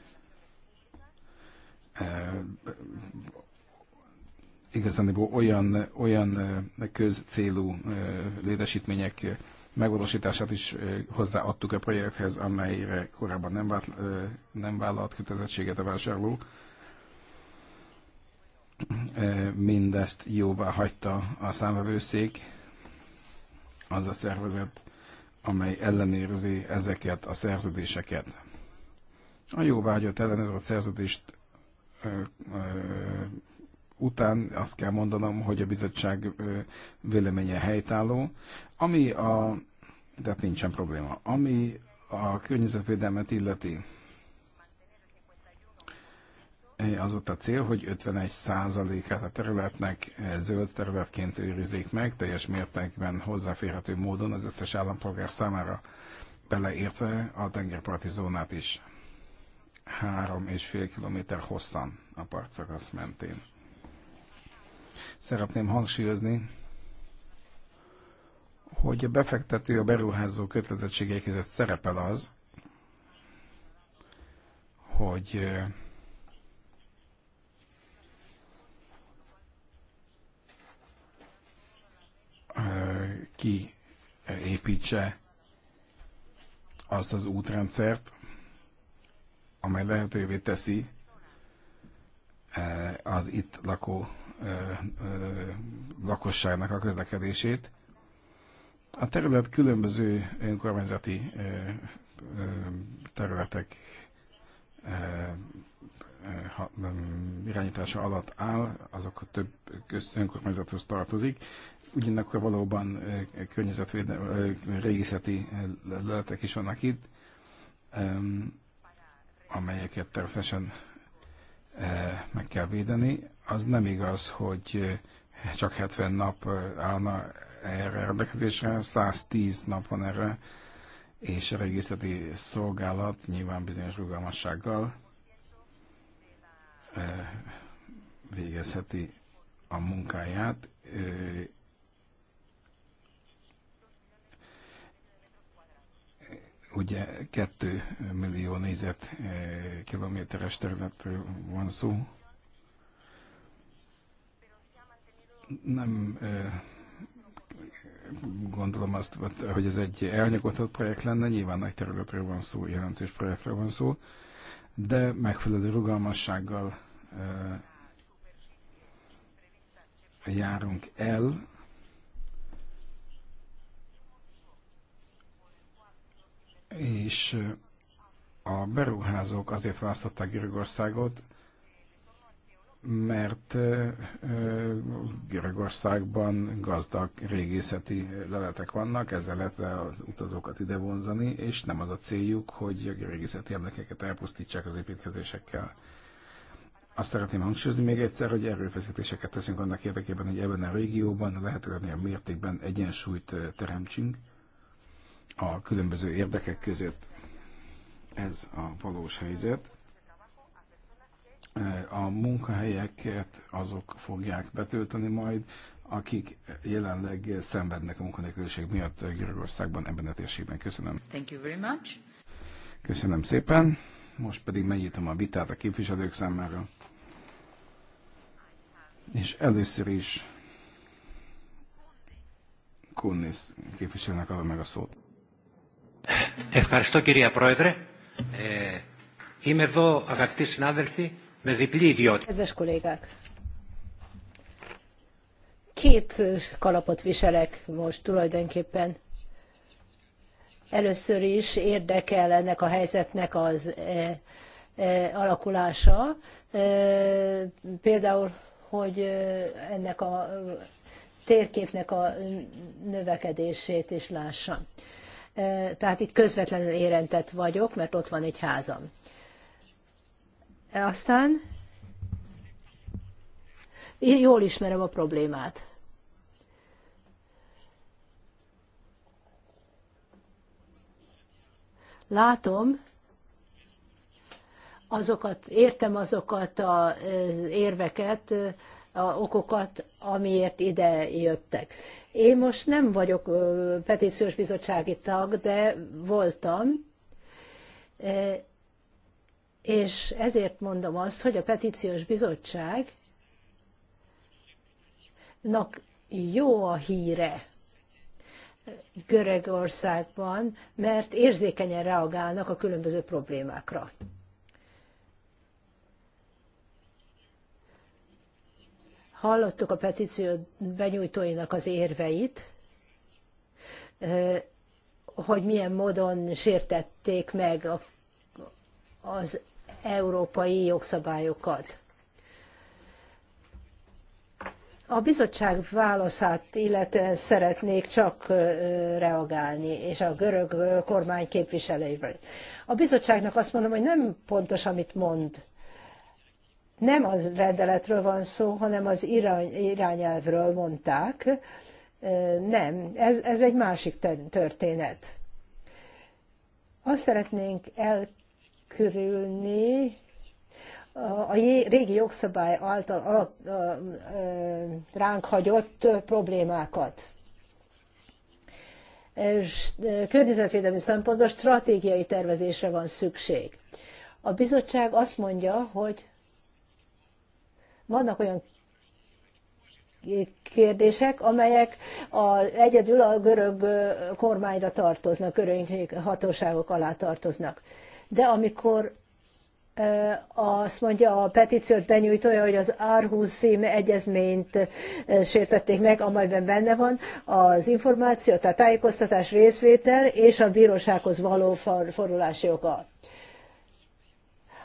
igazán olyan, olyan közcélú létesítmények megvalósítását is hozzáadtuk a projekthez, amelyre korábban nem, vált, nem vállalt kötelezettséget a vásárló. Mindezt jóvá hagyta a számvevőszék, az a szervezet, amely ellenérzi ezeket a szerződéseket. A jóvágyott ellenőrzött szerződést után azt kell mondanom, hogy a bizottság véleménye helytálló, ami a, tehát nincsen probléma, ami a környezetvédelmet illeti, az ott a cél, hogy 51%-át a területnek zöld területként őrizzék meg, teljes mértékben hozzáférhető módon az összes állampolgár számára beleértve a tengerparti zónát is. 3,5 km hosszan a partszakasz mentén. Szeretném hangsúlyozni, hogy a befektető, a beruházó kötelezettségei között szerepel az, hogy ki építse azt az útrendszert, amely lehetővé teszi az itt lakó lakosságnak a közlekedését. A terület különböző önkormányzati területek irányítása alatt áll, azok a több önkormányzathoz tartozik. Ugyanakkor valóban környezetvédelmi, régészeti leletek is vannak itt, amelyeket természetesen meg kell védeni az nem igaz, hogy eh, csak 70 nap eh, állna erre rendelkezésre, 110 nap van erre, és a régészeti szolgálat nyilván bizonyos rugalmassággal eh, végezheti a munkáját. Ugye 2 millió kilométeres területről van szó, nem gondolom azt, hogy ez egy elnyugodott projekt lenne, nyilván nagy területről van szó, jelentős projektről van szó, de megfelelő rugalmassággal járunk el, és a beruházók azért választották Görögországot, mert Görögországban gazdag régészeti leletek vannak, ezzel lehet az utazókat ide vonzani, és nem az a céljuk, hogy a régészeti emlékeket elpusztítsák az építkezésekkel. Azt szeretném hangsúlyozni még egyszer, hogy erőfeszítéseket teszünk annak érdekében, hogy ebben a régióban a lehetőlegnél mértékben egyensúlyt teremtsünk a különböző érdekek között. Ez a valós helyzet Eh, a munkahelyeket azok fogják betölteni majd, akik jelenleg szenvednek a munkanélküliség miatt Görögországban ebben a térségben. Köszönöm. Thank you very much. Köszönöm szépen. Most pedig megnyitom a vitát a képviselők számára. És először is Kunis képviselőnek adom meg a szót. Köszönöm, κυρία Πρόεδρε. Ε, είμαι εδώ αγαπητοί συνάδελφοι Kedves kollégák! Két kalapot viselek most tulajdonképpen. Először is érdekel ennek a helyzetnek az e, e, alakulása. E, például, hogy e, ennek a térképnek a növekedését is lássam. E, tehát itt közvetlenül érintett vagyok, mert ott van egy házam. Aztán én jól ismerem a problémát. Látom, azokat, értem azokat az érveket, a okokat, amiért ide jöttek. Én most nem vagyok petíciós bizottsági tag, de voltam, és ezért mondom azt, hogy a petíciós bizottságnak jó a híre Görögországban, mert érzékenyen reagálnak a különböző problémákra. Hallottuk a petíció benyújtóinak az érveit, eh, hogy milyen módon sértették meg az európai jogszabályokat. A bizottság válaszát illetően szeretnék csak reagálni, és a görög kormány képviselőivel. A bizottságnak azt mondom, hogy nem pontos, amit mond. Nem az rendeletről van szó, hanem az irány, irányelvről mondták. Nem, ez, ez egy másik történet. Azt szeretnénk el körülni. a régi jogszabály által ránk hagyott problémákat. E, környezetvédelmi szempontból stratégiai tervezésre van szükség. A bizottság azt mondja, hogy vannak olyan kérdések, amelyek a, egyedül a görög e, kormányra tartoznak, görög hatóságok alá tartoznak de amikor azt mondja a petíciót benyújtója, hogy az Árhus cím egyezményt sértették meg, amelyben benne van az információ, tehát tájékoztatás részvétel és a bírósághoz való fordulási joga.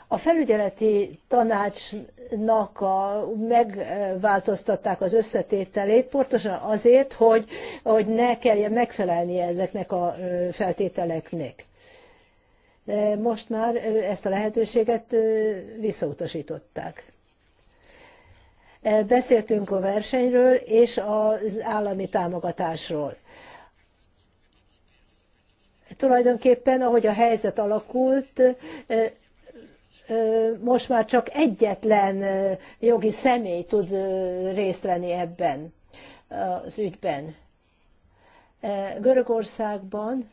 A felügyeleti tanácsnak a, megváltoztatták az összetételét pontosan azért, hogy, hogy ne kelljen megfelelnie ezeknek a feltételeknek de most már ezt a lehetőséget visszautasították. Beszéltünk a versenyről és az állami támogatásról. Tulajdonképpen, ahogy a helyzet alakult, most már csak egyetlen jogi személy tud részt venni ebben az ügyben. Görögországban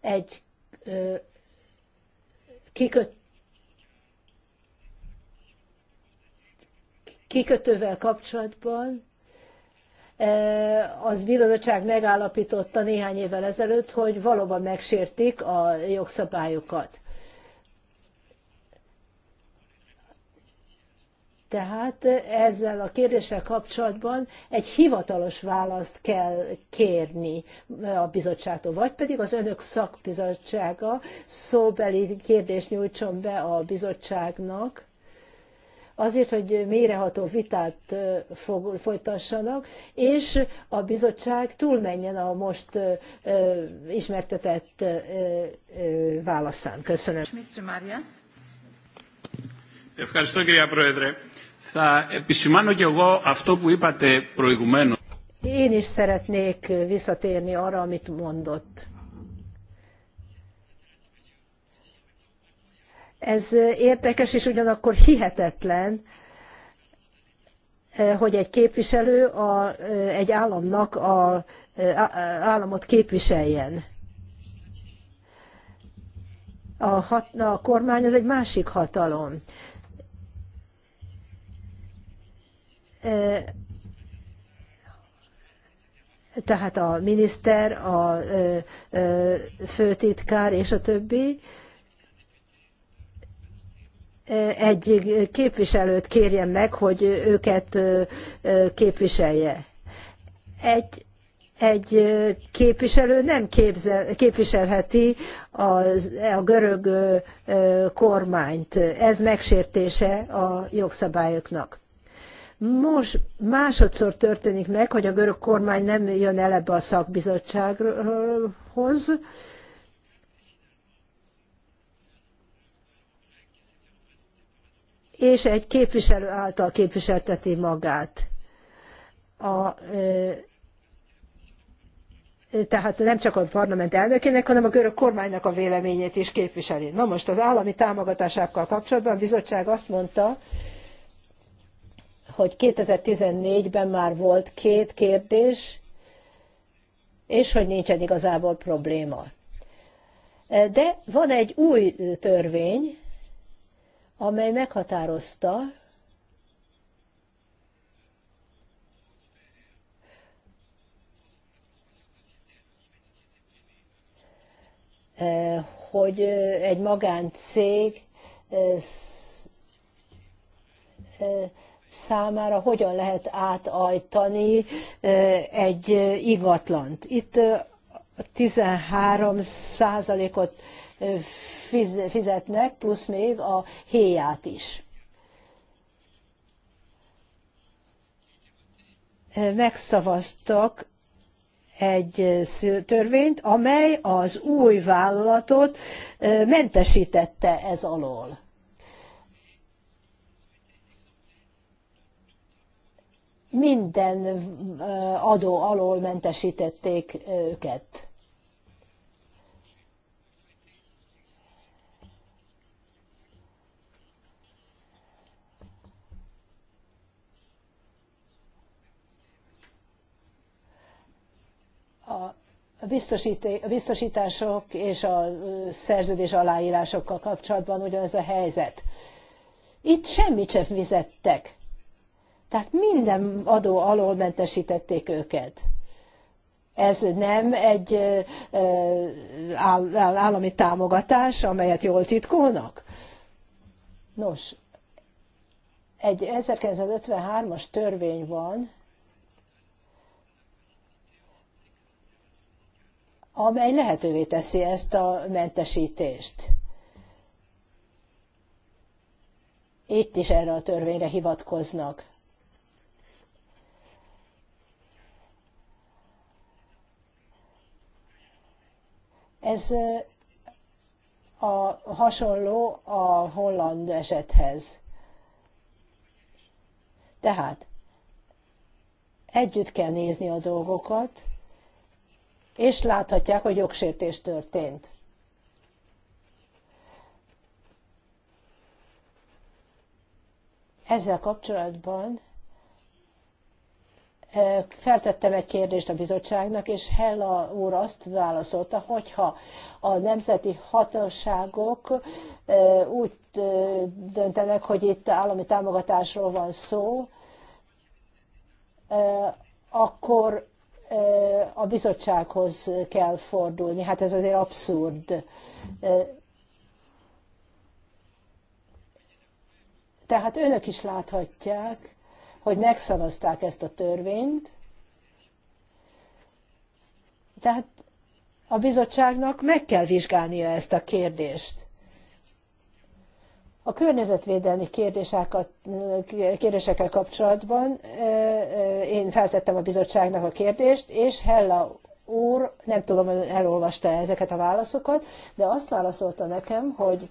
egy kiköt, kikötővel kapcsolatban e, az bizottság megállapította néhány évvel ezelőtt, hogy valóban megsértik a jogszabályokat. Tehát ezzel a kérdéssel kapcsolatban egy hivatalos választ kell kérni a bizottságtól, vagy pedig az önök szakbizottsága szóbeli kérdést nyújtson be a bizottságnak, azért, hogy méreható vitát folytassanak, és a bizottság túlmenjen a most ismertetett válaszán. Köszönöm. Mr. Marias. Ευχαριστώ Θα επισημάνω και εγώ αυτό που είπατε προηγουμένως. Én is szeretnék visszatérni arra, amit mondott. Ez érdekes és ugyanakkor hihetetlen, eh, hogy egy képviselő a, eh, egy államnak a, a, eh, a, államot képviseljen. A, hat, a kormány az egy másik hatalom. tehát a miniszter, a főtitkár és a többi egy képviselőt kérjen meg, hogy őket képviselje. Egy, egy képviselő nem képzel, képviselheti a, a görög kormányt. Ez megsértése a jogszabályoknak. Most másodszor történik meg, hogy a görög kormány nem jön el ebbe a szakbizottsághoz, és egy képviselő által képviselteti magát. A, tehát nem csak a parlament elnökének, hanem a görög kormánynak a véleményét is képviseli. Na most az állami támogatásákkal kapcsolatban a bizottság azt mondta, hogy 2014-ben már volt két kérdés, és hogy nincsen igazából probléma. E, de van egy új törvény, amely meghatározta, e, hogy egy magáncég e, számára hogyan lehet átajtani egy ingatlant. Itt 13 százalékot fizetnek, plusz még a héját is. Megszavaztak egy törvényt, amely az új vállalatot mentesítette ez alól. minden adó alól mentesítették őket. A biztosítások és a szerződés aláírásokkal kapcsolatban ugyanez a helyzet. Itt semmit sem fizettek tehát minden adó alól mentesítették őket. Ez nem egy állami támogatás, amelyet jól titkolnak? Nos, egy 1953-as törvény van, amely lehetővé teszi ezt a mentesítést. Itt is erre a törvényre hivatkoznak. Ez a, hasonló a holland esethez. Tehát együtt kell nézni a dolgokat, és láthatják, hogy jogsértés történt. Ezzel kapcsolatban Feltettem egy kérdést a bizottságnak, és Hella úr azt válaszolta, hogyha a nemzeti hatóságok úgy döntenek, hogy itt állami támogatásról van szó, akkor a bizottsághoz kell fordulni. Hát ez azért abszurd. Tehát önök is láthatják, hogy megszavazták ezt a törvényt. Tehát a bizottságnak meg kell vizsgálnia ezt a kérdést. A környezetvédelmi kérdésekkel kapcsolatban én feltettem a bizottságnak a kérdést, és Hella úr, nem tudom, hogy elolvasta ezeket a válaszokat, de azt válaszolta nekem, hogy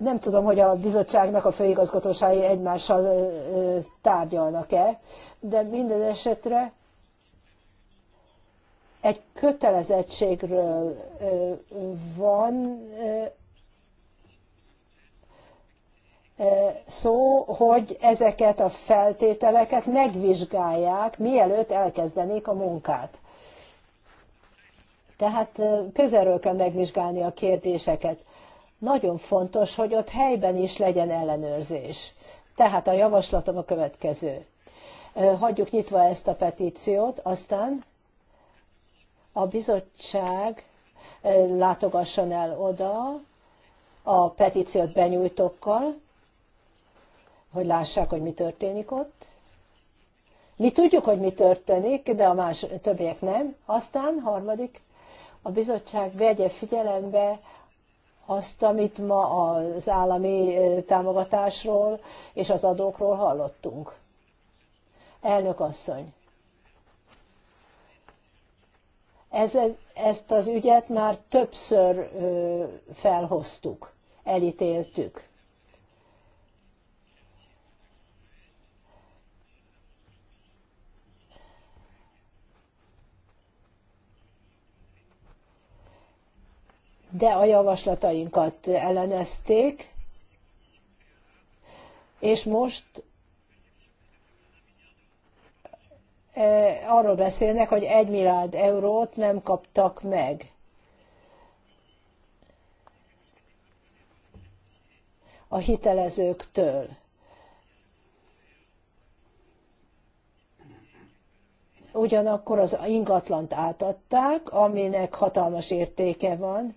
Nem tudom, hogy a bizottságnak a főigazgatósági egymással tárgyalnak-e, de minden esetre egy kötelezettségről van szó, hogy ezeket a feltételeket megvizsgálják, mielőtt elkezdenék a munkát. Tehát közelről kell megvizsgálni a kérdéseket nagyon fontos, hogy ott helyben is legyen ellenőrzés. Tehát a javaslatom a következő. Hagyjuk nyitva ezt a petíciót, aztán a bizottság látogasson el oda a petíciót benyújtókkal, hogy lássák, hogy mi történik ott. Mi tudjuk, hogy mi történik, de a más többiek nem. Aztán harmadik, a bizottság vegye figyelembe azt, amit ma az állami támogatásról és az adókról hallottunk. Elnök asszony, ez, ezt az ügyet már többször felhoztuk, elítéltük. de a javaslatainkat ellenezték, és most e, arról beszélnek, hogy egy milliárd eurót nem kaptak meg. a hitelezőktől. Ugyanakkor az ingatlant átadták, aminek hatalmas értéke van,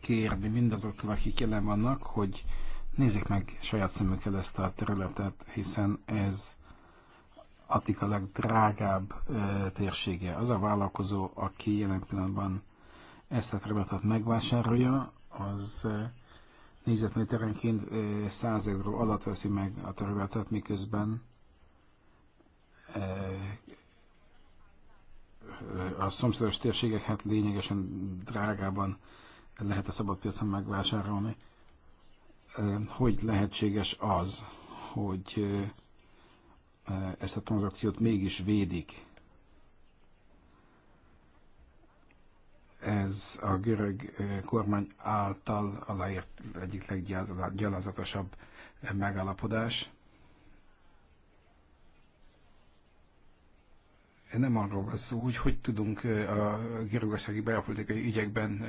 kérni mindazoktól, akik jelen vannak, hogy nézzék meg saját szemükkel ezt a területet, hiszen ez Attika legdrágább e, térsége. Az a vállalkozó, aki jelen pillanatban ezt a területet megvásárolja, az e, négyzetméterenként 100 euró alatt veszi meg a területet, miközben a szomszédos térségek hát lényegesen drágában lehet a piacon megvásárolni, hogy lehetséges az, hogy ezt a tranzakciót mégis védik. Ez a görög kormány által aláírt egyik leggyalázatosabb megállapodás nem arról van szó, hogy hogy tudunk a görögországi belpolitikai ügyekben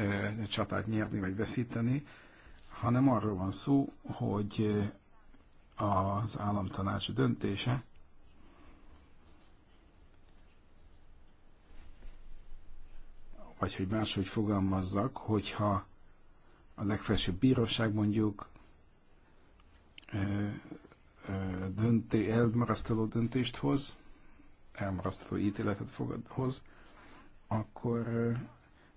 csatát nyerni vagy veszíteni, hanem arról van szó, hogy az államtanács döntése vagy hogy máshogy fogalmazzak, hogyha a legfelsőbb bíróság mondjuk dönté, elmarasztaló döntést hoz, elmarasztató ítéletet fogad, hoz, akkor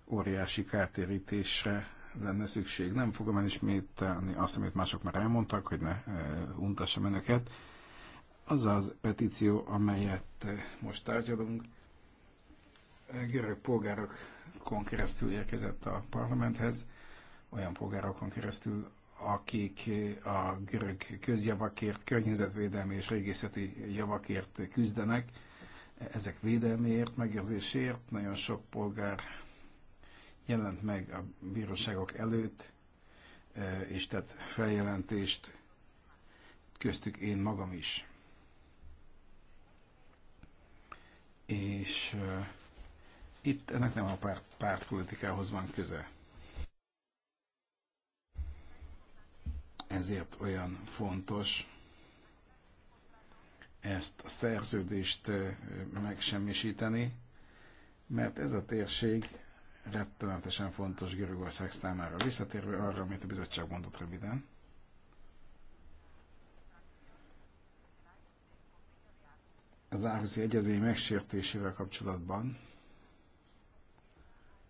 óriási kártérítésre lenne szükség. Nem fogom elismételni azt, amit mások már elmondtak, hogy ne untassam önöket. Az az petíció, amelyet most tárgyalunk, görög polgárokon keresztül érkezett a parlamenthez, olyan polgárokon keresztül, akik a görög közjavakért, környezetvédelmi és régészeti javakért küzdenek, ezek védelméért, megérzésért Nagyon sok polgár jelent meg a bíróságok előtt, e, és tett feljelentést, köztük én magam is. És uh, itt ennek nem a párt, pártpolitikához van köze. Ezért olyan fontos, ezt a szerződést megsemmisíteni, mert ez a térség rettenetesen fontos Görögország számára. Visszatérve arra, amit a bizottság mondott röviden, az Árhuszi Egyezmény megsértésével kapcsolatban,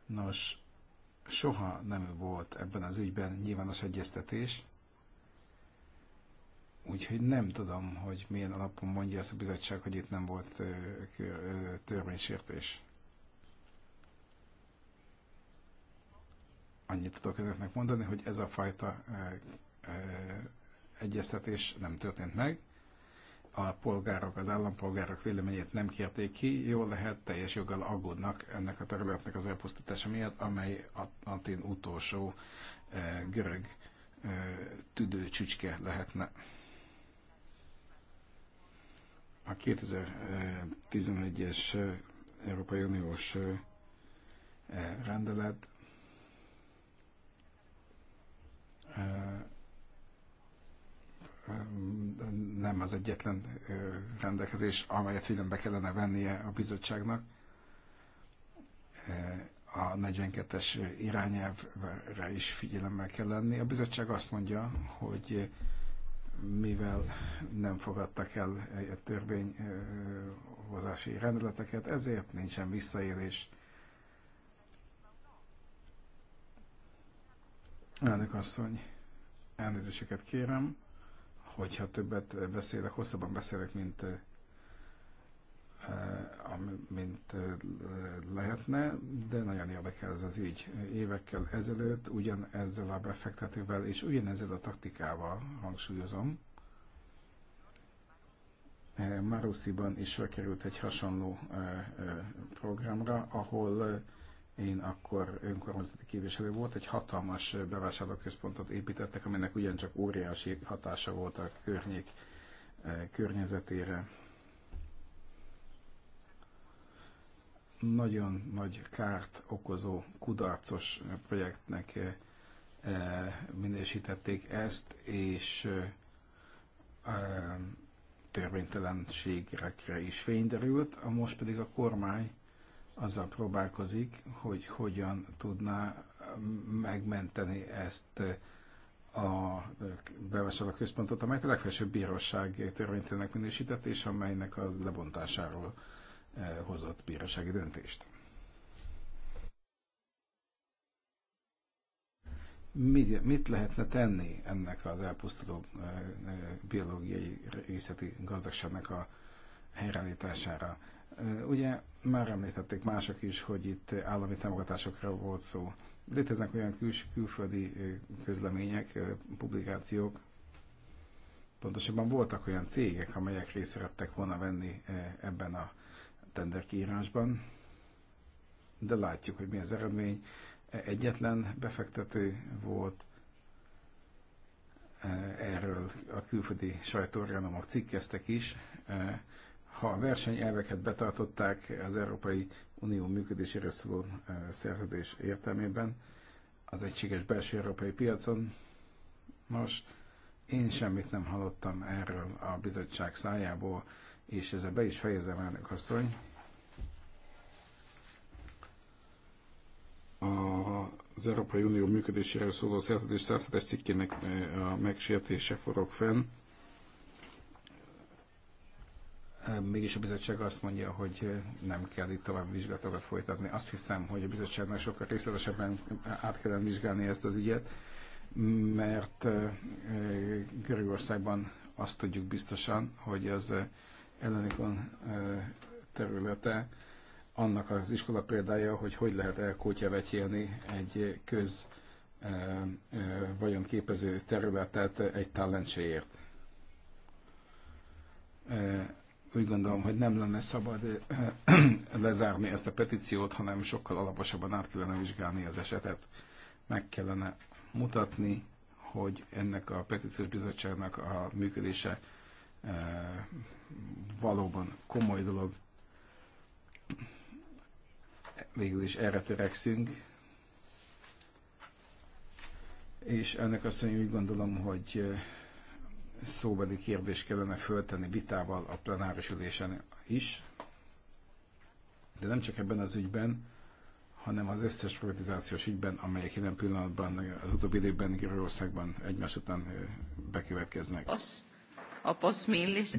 nos, soha nem volt ebben az ügyben nyilvános egyeztetés, Úgyhogy nem tudom, hogy milyen alapon mondja ezt a bizottság, hogy itt nem volt törvénysértés. Annyit tudok ezeknek mondani, hogy ez a fajta egyeztetés nem történt meg. A polgárok, az állampolgárok véleményét nem kérték ki, jól lehet, teljes joggal aggódnak ennek a területnek az elpusztítása miatt, amely Atén utolsó görög tüdőcsücske lehetne. A 2011-es Európai Uniós e, rendelet nem az egyetlen rendelkezés, amelyet figyelembe kellene vennie a bizottságnak. A 42-es irányelvre is figyelemmel kell lenni. A bizottság azt mondja, hogy mivel nem fogadtak el törvényhozási rendeleteket, ezért nincsen visszaélés. Elnök asszony, elnézéseket kérem, hogyha többet beszélek, hosszabban beszélek, mint Eh, mint eh, lehetne, de nagyon érdekel ez az ügy. Évekkel ezelőtt ugyan ezzel a befektetővel és ugyanezzel a taktikával hangsúlyozom, eh, Marusziban is került egy hasonló programra, ahol én akkor önkormányzati képviselő volt, egy hatalmas bevásárlóközpontot építettek, aminek ugyancsak óriási hatása volt a környék környezetére nagyon nagy kárt okozó, kudarcos projektnek eh, eh, minősítették ezt, és eh, törvénytelenségekre is fényderült, most pedig a kormány azzal próbálkozik, hogy hogyan tudná megmenteni ezt a bevásárló központot, amelyet a legfelsőbb bíróság törvénytelenek minősített, és amelynek a lebontásáról hozott bírósági döntést. mit lehetne tenni ennek az elpusztuló eh, eh, biológiai részleti gazdagságnak a helyreállítására. Eh, ugye már említették mások is, hogy itt állami támogatásokra volt szó. Léteznek olyan küls, külföldi közlemények, publikációk, pontosabban voltak olyan cégek, amelyek részt szerettek volna venni ebben a tenderkiírásban, de látjuk, hogy mi az eredmény. Egyetlen befektető volt, e, erről a külföldi sajtóorganomok cikkeztek is. E, ha a versenyelveket betartották az Európai Unió működésére szóló e, szerződés értelmében, az egységes belső európai piacon, nos, én semmit nem hallottam erről a bizottság szájából, és ezzel be is fejezem, elnök asszony. Az Európai Unió működéséről szóló szerződés 107-es cikkének eh, a megsértése forog fenn. Eh, mégis a bizottság azt mondja, hogy eh, nem kell itt tovább vizsgatokat folytatni. Azt hiszem, hogy a bizottságnak sokkal részletesebben át kellene vizsgálni ezt az ügyet, mert Görögországban azt tudjuk biztosan, hogy az ellenük van területe, annak az iskola példája, hogy hogy lehet elkótyavetyélni egy köz vajon képező területet egy talentséért. Úgy gondolom, hogy nem lenne szabad lezárni ezt a petíciót, hanem sokkal alaposabban át kellene vizsgálni az esetet. Meg kellene mutatni, hogy ennek a petíciós bizottságnak a működése valóban komoly dolog. Végül is erre törekszünk. És ennek azt mondja, úgy gondolom, hogy szóbeli kérdést kellene föltenni vitával a plenáris ülésen is, de nem csak ebben az ügyben, hanem az összes privatizációs ügyben, amelyek jelen pillanatban az utóbbi időben Görögországban egymás után bekövetkeznek. Osz a poszmillis...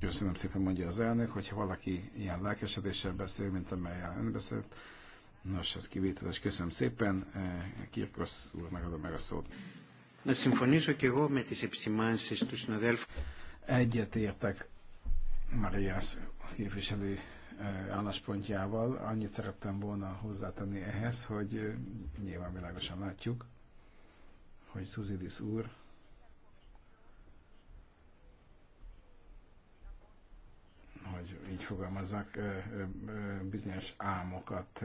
Köszönöm szépen, mondja az elnök, hogyha valaki ilyen lelkesedéssel beszél, mint amelyel ön beszélt. Nos, ez kivételes. Köszönöm szépen. Eh, Kirkosz úr megadom meg a szót. Να συμφωνήσω και Egyetértek Mariász képviselő eh, álláspontjával. Annyit szerettem volna hozzátenni ehhez, hogy eh, nyilván világosan látjuk, hogy Szuzidis úr hogy így fogalmazzak, bizonyos álmokat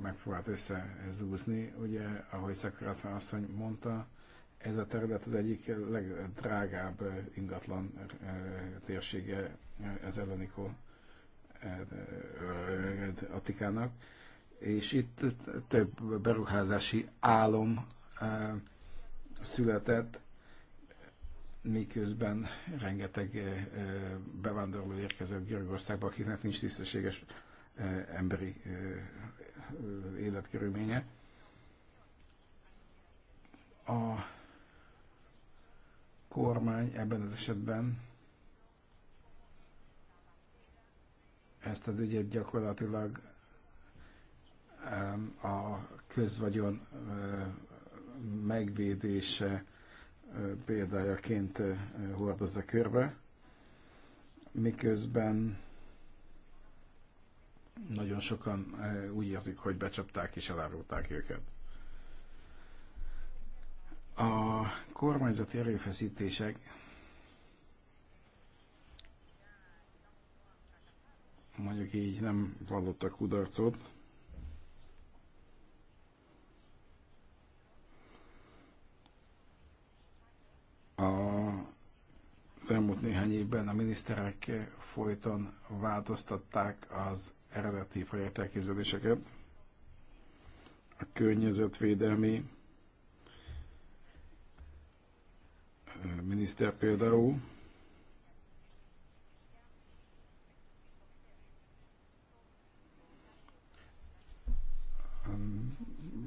megpróbált összezúzni. Ugye, ahogy Szakarátán asszony mondta, ez a terület az egyik legdrágább ingatlan térsége az ellenikó Atikának, és itt több beruházási álom született, miközben rengeteg bevándorló érkezett Görögországba, akinek nincs tisztességes emberi életkörülménye. A kormány ebben az esetben ezt az ügyet gyakorlatilag a közvagyon megvédése példájaként eh, hordozza körbe, miközben nagyon sokan eh, úgy érzik, hogy becsapták és elárulták őket. A kormányzati erőfeszítések mondjuk így nem vallottak kudarcot, A, az elmúlt néhány évben a miniszterek folyton változtatták az eredeti projekt elképzeléseket. A környezetvédelmi miniszter például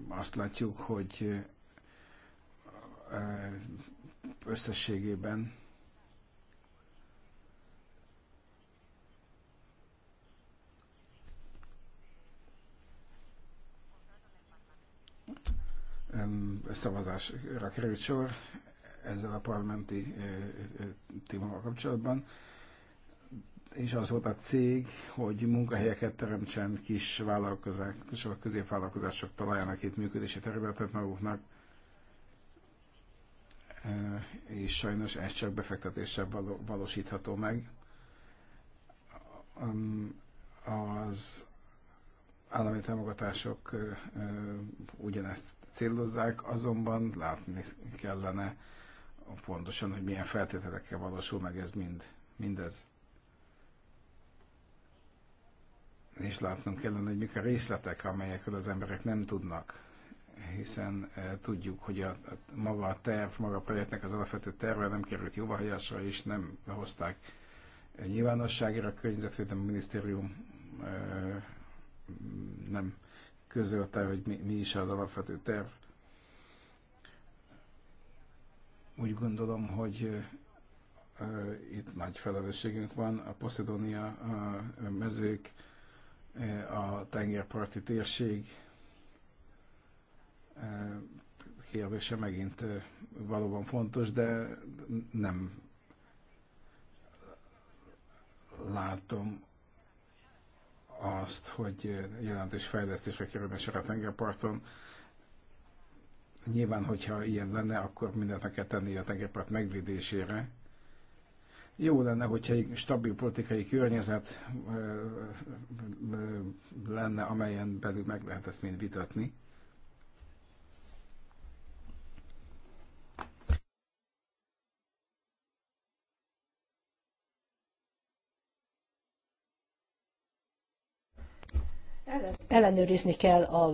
azt látjuk, hogy összességében. szavazásra került sor ezzel a parlamenti eh, eh, témával kapcsolatban, és az volt a cég, hogy munkahelyeket teremtsen kis vállalkozások, középvállalkozások találjanak itt működési területet maguknak, és sajnos ez csak befektetéssel valósítható meg. Az állami támogatások ugyanezt célozzák, azonban látni kellene pontosan, hogy milyen feltételekkel valósul meg ez mind, mindez. És látnunk kellene, hogy mik a részletek, amelyekről az emberek nem tudnak hiszen eh, tudjuk, hogy a, a, maga a terv, maga a projektnek az alapvető terve nem került jóváhagyásra, és nem hozták nyilvánosságra. A Környezetvédelmi Minisztérium eh, nem közölte, hogy mi, mi is az alapvető terv. Úgy gondolom, hogy eh, itt nagy felelősségünk van. A Posidonia a mezők, a tengerparti térség, kérdése megint valóban fontos, de nem látom azt, hogy jelentős fejlesztésre kerülne a tengerparton. Nyilván, hogyha ilyen lenne, akkor mindent meg kell tenni a tengerpart megvédésére. Jó lenne, hogyha egy stabil politikai környezet lenne, amelyen belül meg lehet ezt mind vitatni. ellenőrizni kell a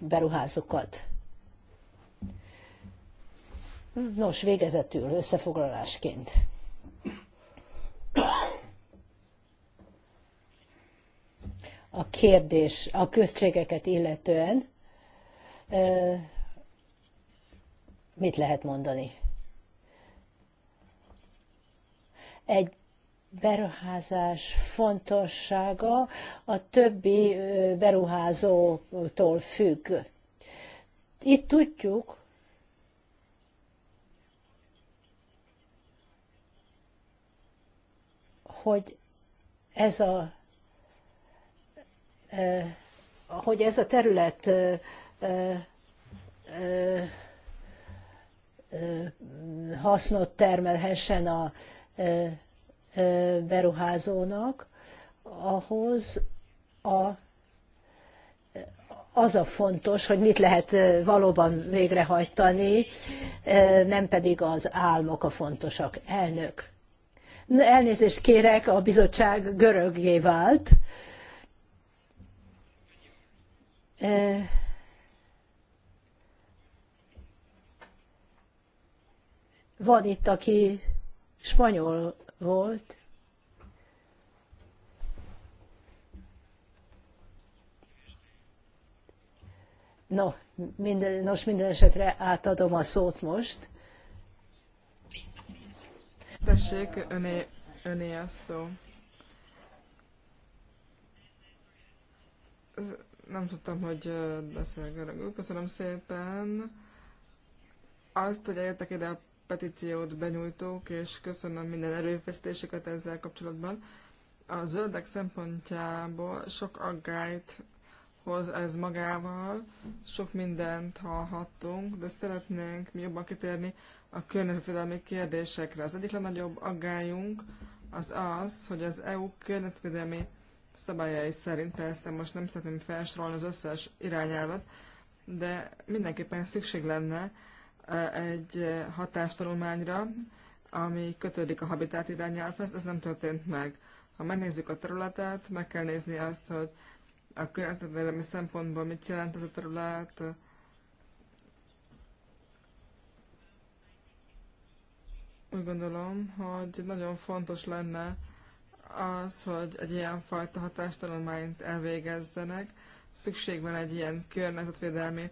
beruházókat. Nos, végezetül, összefoglalásként. A kérdés a költségeket illetően mit lehet mondani? Egy beruházás fontossága a többi beruházótól függ. Itt tudjuk, hogy ez a hogy ez a terület hasznot termelhessen a beruházónak, ahhoz a, az a fontos, hogy mit lehet valóban végrehajtani, nem pedig az álmok a fontosak. Elnök. Elnézést kérek, a bizottság görögé vált. Van itt, aki spanyol volt, No, minden, nos, minden esetre átadom a szót most. Tessék, öné, öné a szó. Nem tudtam, hogy beszélgetek, Köszönöm szépen. Azt, hogy eljöttek ide a petíciót benyújtók, és köszönöm minden erőfeszítéseket ezzel kapcsolatban. A zöldek szempontjából sok aggályt hoz ez magával, sok mindent hallhattunk, de szeretnénk mi jobban kitérni a környezetvédelmi kérdésekre. Az egyik legnagyobb aggályunk az az, hogy az EU környezetvédelmi szabályai szerint, persze most nem szeretném felsorolni az összes irányelvet, de mindenképpen szükség lenne egy hatástanulmányra, ami kötődik a habitát irányelvhez, ez nem történt meg. Ha megnézzük a területet, meg kell nézni azt, hogy a környezetvédelmi szempontból mit jelent ez a terület, úgy gondolom, hogy nagyon fontos lenne az, hogy egy ilyen fajta hatástanulmányt elvégezzenek. Szükség van egy ilyen környezetvédelmi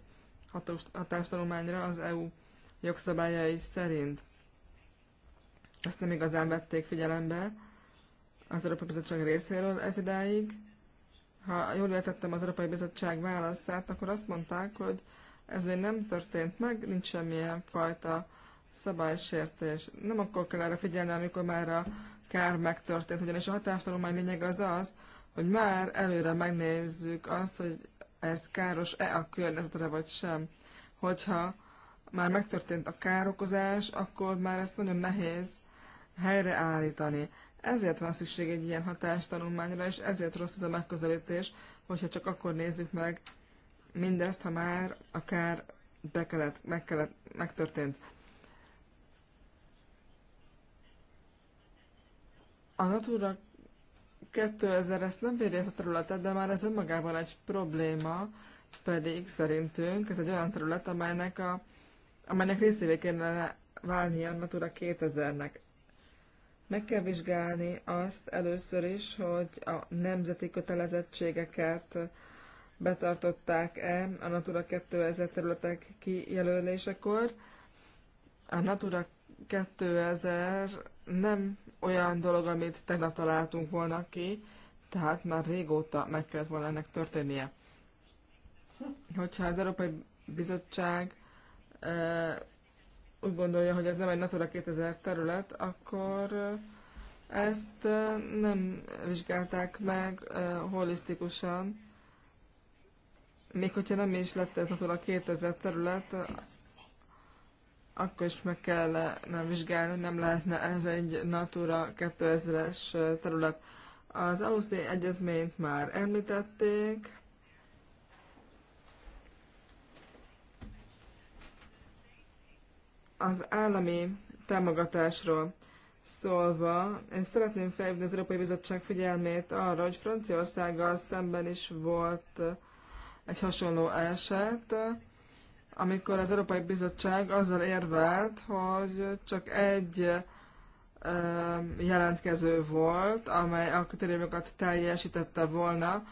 hatástanulmányra az EU jogszabályai szerint. Ezt nem igazán vették figyelembe az Európai Bizottság részéről ez idáig. Ha jól értettem az Európai Bizottság válaszát, akkor azt mondták, hogy ez még nem történt meg, nincs semmilyen fajta szabálysértés. Nem akkor kell erre figyelni, amikor már a kár megtörtént, ugyanis a hatástanulmány lényeg az az, hogy már előre megnézzük azt, hogy ez káros-e a környezetre vagy sem. Hogyha már megtörtént a károkozás, akkor már ezt nagyon nehéz helyreállítani. Ezért van szükség egy ilyen hatástanulmányra, és ezért rossz ez a megközelítés, hogyha csak akkor nézzük meg mindezt, ha már a kár meg kellett, megtörtént. A Natura 2000 ezt nem védi ezt a területet, de már ez önmagában egy probléma, pedig szerintünk ez egy olyan terület, amelynek a amelynek részévé kéne válni a Natura 2000-nek. Meg kell vizsgálni azt először is, hogy a nemzeti kötelezettségeket betartották-e a Natura 2000 területek kijelölésekor. A Natura 2000 nem olyan dolog, amit tegnap találtunk volna ki, tehát már régóta meg kellett volna ennek történnie. Hogyha az Európai Bizottság úgy gondolja, hogy ez nem egy Natura 2000 terület, akkor ezt nem vizsgálták meg holisztikusan. Még hogyha nem is lett ez Natura 2000 terület, akkor is meg kellene vizsgálni, nem lehetne ez egy Natura 2000-es terület. Az AUSZDI egyezményt már említették, Az állami támogatásról szólva, én szeretném felhívni az Európai Bizottság figyelmét arra, hogy Franciaországgal szemben is volt egy hasonló eset, amikor az Európai Bizottság azzal érvelt, hogy csak egy jelentkező volt, amely a kritériumokat teljesítette volna,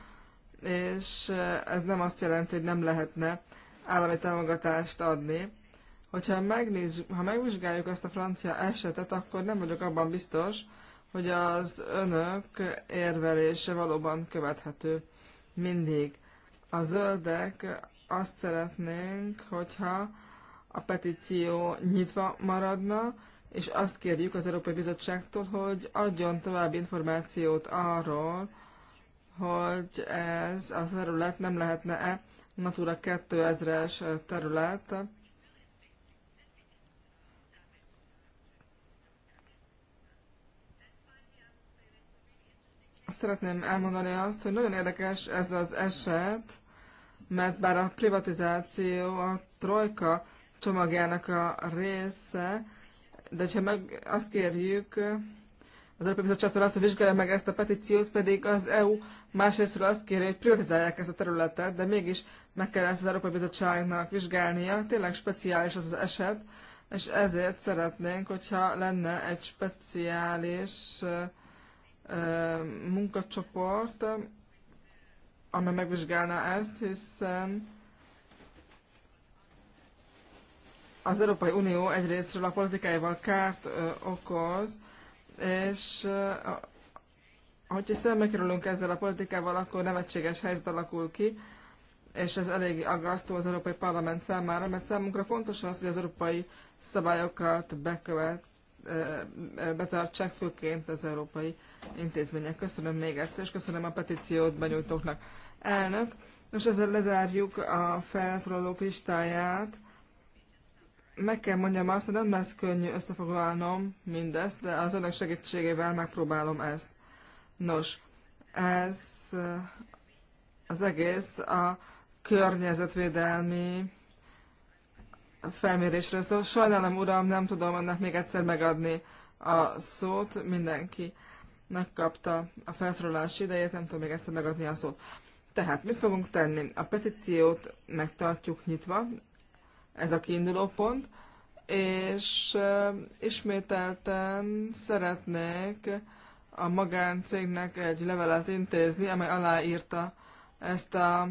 és ez nem azt jelenti, hogy nem lehetne állami támogatást adni Hogyha megnézzük, ha megvizsgáljuk ezt a francia esetet, akkor nem vagyok abban biztos, hogy az önök érvelése valóban követhető mindig. A zöldek azt szeretnénk, hogyha a petíció nyitva maradna, és azt kérjük az Európai Bizottságtól, hogy adjon további információt arról, hogy ez a terület nem lehetne-e Natura 2000-es terület, szeretném elmondani azt, hogy nagyon érdekes ez az eset, mert bár a privatizáció a trojka csomagjának a része, de ha meg azt kérjük az Európai Bizottságtól azt, hogy vizsgálja meg ezt a petíciót, pedig az EU másrésztről azt kéri, hogy privatizálják ezt a területet, de mégis meg kell ezt az Európai Bizottságnak vizsgálnia. Tényleg speciális az az eset, és ezért szeretnénk, hogyha lenne egy speciális uh, munkacsoport, amely megvizsgálná ezt, hiszen az Európai Unió egyrésztről a politikáival kárt ö, okoz, és ö, hogyha szembe kerülünk ezzel a politikával, akkor nevetséges helyzet alakul ki, és ez elég aggasztó az Európai Parlament számára, mert számunkra fontos az, hogy az európai szabályokat bekövet, betartsák, főként az európai intézmények. Köszönöm még egyszer, és köszönöm a petíciót benyújtóknak. Elnök, most ezzel lezárjuk a felszólalók listáját. Meg kell mondjam azt, hogy nem lesz könnyű összefoglalnom mindezt, de az önök segítségével megpróbálom ezt. Nos, ez az egész a környezetvédelmi felmérésről Szóval sajnálom, uram, nem tudom annak még egyszer megadni a szót. Mindenki megkapta a felszólalás idejét, nem tudom még egyszer megadni a szót. Tehát mit fogunk tenni? A petíciót megtartjuk nyitva, ez a kiinduló pont, és ismételten szeretnék a magáncégnek egy levelet intézni, amely aláírta ezt a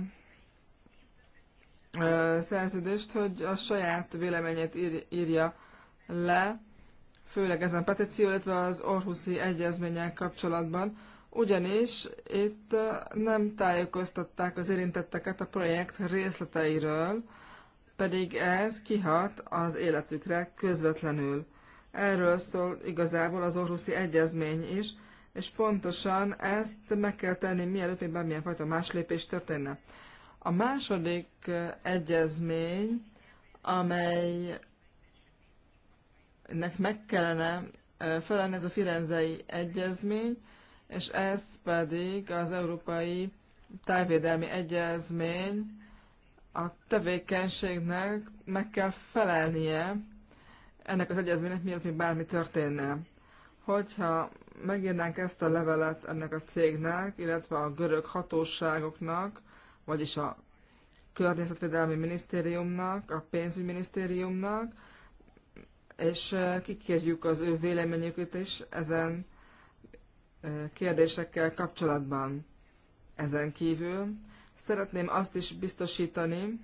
szerződést, hogy a saját véleményét írja le, főleg ezen petíció, illetve az Orhuszi egyezmények kapcsolatban, ugyanis itt nem tájékoztatták az érintetteket a projekt részleteiről, pedig ez kihat az életükre közvetlenül. Erről szól igazából az Orhuszi Egyezmény is, és pontosan ezt meg kell tenni, mielőtt még bármilyen fajta más lépés történne. A második egyezmény, amelynek meg kellene felelni, ez a Firenzei Egyezmény, és ez pedig az Európai Tájvédelmi Egyezmény a tevékenységnek meg kell felelnie ennek az egyezménynek, mielőtt még bármi történne. Hogyha megírnánk ezt a levelet ennek a cégnek, illetve a görög hatóságoknak, vagyis a Környezetvédelmi Minisztériumnak, a Pénzügyminisztériumnak, és kikérjük az ő véleményüket is ezen kérdésekkel kapcsolatban. Ezen kívül szeretném azt is biztosítani,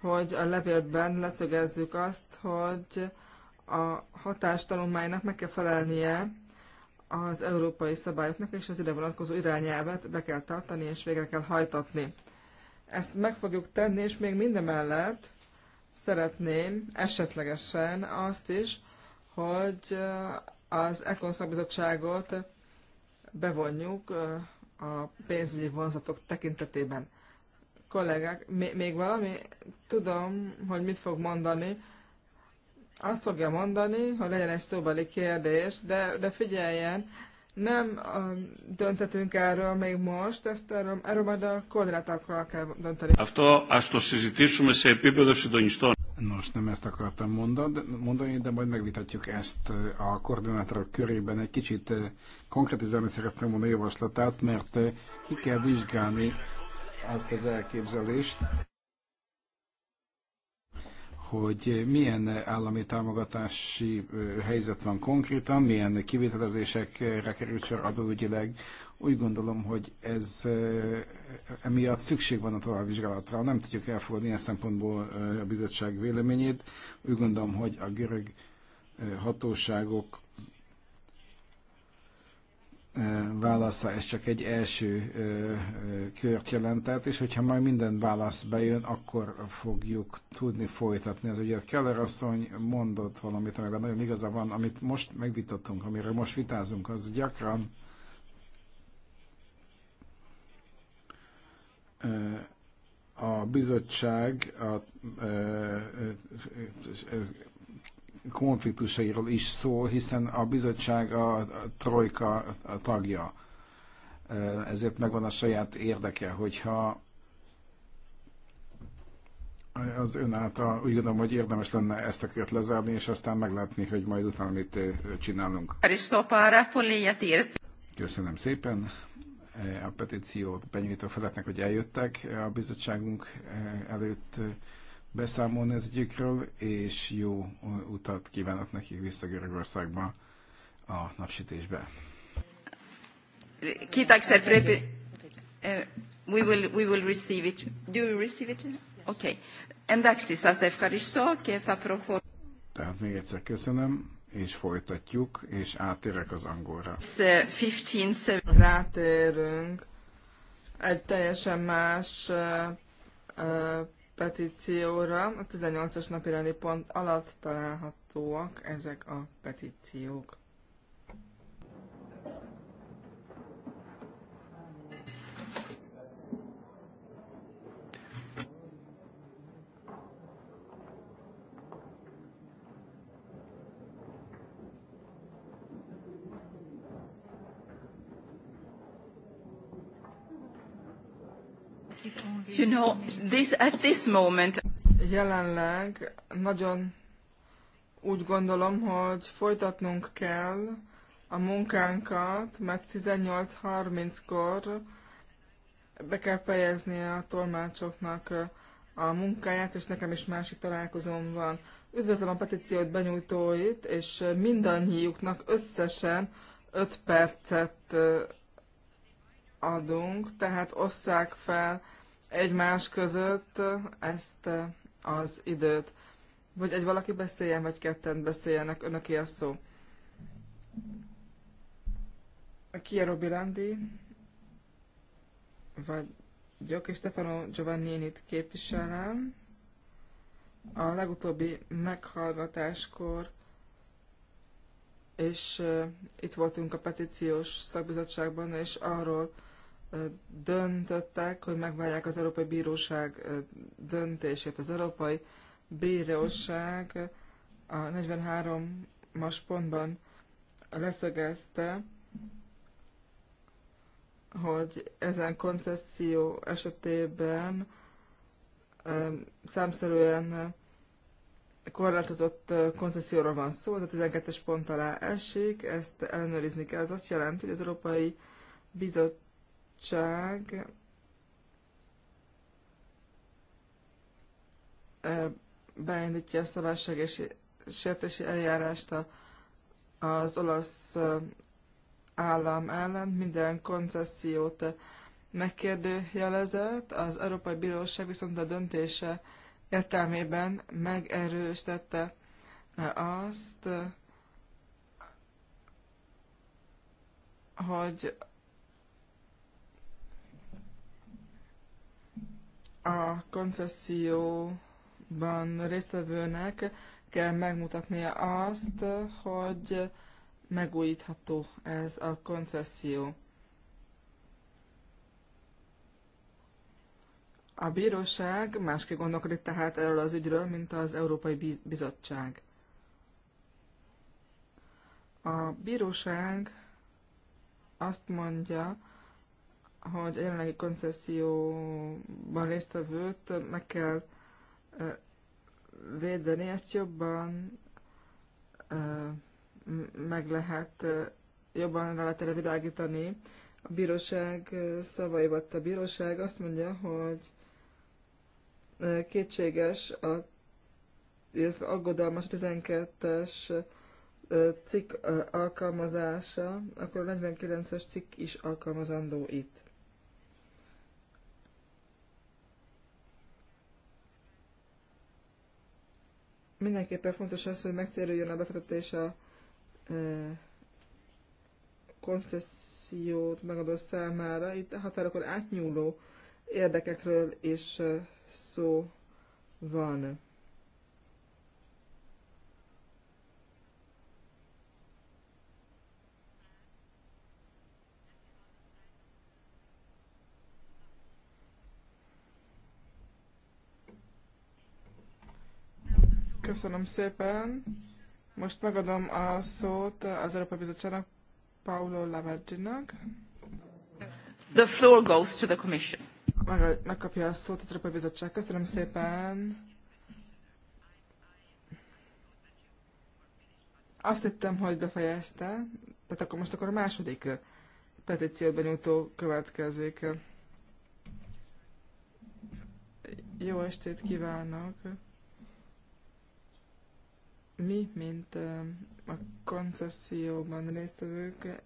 hogy a levélben leszögezzük azt, hogy a hatástanulmánynak meg kell felelnie az európai szabályoknak, és az ide vonatkozó irányelvet be kell tartani és végre kell hajtatni. Ezt meg fogjuk tenni, és még mindemellett szeretném esetlegesen azt is, hogy az Econ szakbizottságot bevonjuk a pénzügyi vonzatok tekintetében. Kollégák, még valami? Tudom, hogy mit fog mondani. Azt fogja mondani, hogy legyen egy szóbeli kérdés, de, de figyeljen, nem um, döntetünk erről még most, ezt erről, erről majd a akkor kell dönteni. Αυτό ας το συζητήσουμε σε επίπεδο Nos, nem ezt akartam mondani, de majd megvitatjuk ezt a koordinátorok körében. Egy kicsit konkretizálni szerettem volna a javaslatát, mert ki kell vizsgálni azt az elképzelést, hogy milyen állami támogatási helyzet van konkrétan, milyen kivitelezésekre került sor adóügyileg. Úgy gondolom, hogy ez emiatt szükség van a továbbvizsgálatra. Nem tudjuk elfogadni ilyen szempontból a bizottság véleményét. Úgy gondolom, hogy a görög hatóságok válasza, ez csak egy első kört jelentett, és hogyha majd minden válasz bejön, akkor fogjuk tudni folytatni. Az ugye Keller asszony mondott valamit, amiben nagyon igaza van, amit most megvitattunk, amiről most vitázunk, az gyakran a bizottság a, a, a, a konfliktusairól is szól, hiszen a bizottság a trojka tagja. Ezért megvan a saját érdeke, hogyha az ön által úgy gondolom, hogy érdemes lenne ezt a kört lezárni, és aztán meglátni, hogy majd utána mit csinálunk. Köszönöm szépen a petíciót benyújtó feleknek, hogy eljöttek a bizottságunk előtt beszámolni az ügyükről, és jó utat kívánok nekik vissza Görögországba a napsütésbe. Kiitokset, eh, we will, we will receive it. Do you receive it? Okay. Εντάξει, σας ευχαριστώ και θα προχωρήσω. Tehát még egyszer köszönöm, és folytatjuk, és átérek az angolra. Rátérünk uh, egy teljesen más uh, uh, petícióra. A 18-as napirendi pont alatt találhatóak ezek a petíciók. You know, this, at this moment... Jelenleg nagyon úgy gondolom, hogy folytatnunk kell a munkánkat, mert 18.30-kor be kell fejezni a tolmácsoknak a munkáját, és nekem is másik találkozom van. Üdvözlöm a petíciót benyújtóit, és mindannyiuknak összesen 5 percet adunk, tehát osszák fel egymás között ezt eh, az időt. Vagy egy valaki beszéljen, vagy ketten beszéljenek, önöké a szó. Robi Landi? vagy Gyoki Stefano giovannini képviselem. A legutóbbi meghallgatáskor és uh, eh, itt voltunk a petíciós szakbizottságban, és arról döntöttek, hogy megvárják az Európai Bíróság döntését. Az Európai Bíróság a 43-as pontban leszögezte, hogy ezen koncesszió esetében számszerűen korlátozott koncesszióra van szó, ez a 12-es pont alá esik, ezt ellenőrizni kell. Ez azt jelenti, hogy az Európai Bizott bizottság beindítja a és sértési eljárást a, az olasz állam ellen, minden koncesziót megkérdőjelezett, az Európai Bíróság viszont a döntése értelmében megerősítette azt, hogy a koncesszióban résztvevőnek kell megmutatnia azt, hogy megújítható ez a koncesszió. A bíróság másképp gondolkodik tehát erről az ügyről, mint az Európai Bizottság. A bíróság azt mondja, hogy a jelenlegi koncesszióban résztvevőt meg kell védeni, ezt jobban meg lehet, jobban rá lehet erre világítani. A bíróság volt a bíróság azt mondja, hogy kétséges, a, illetve aggodalmas 12-es cikk alkalmazása, akkor a 49-es cikk is alkalmazandó itt. Mindenképpen fontos az, hogy megtérüljön a befektetés a koncesziót megadó számára. Itt a határokon átnyúló érdekekről is szó van. Köszönöm szépen. Most megadom a szót az Európai Bizottságnak, Paulo Lavarginak. The floor goes to the Commission. Meg, megkapja a szót az Európai Bizottság. Köszönöm szépen. Azt hittem, hogy befejezte, tehát akkor most akkor a második petíciót benyújtó következik. Jó estét kívánok! mi, mint a koncesszióban résztvevők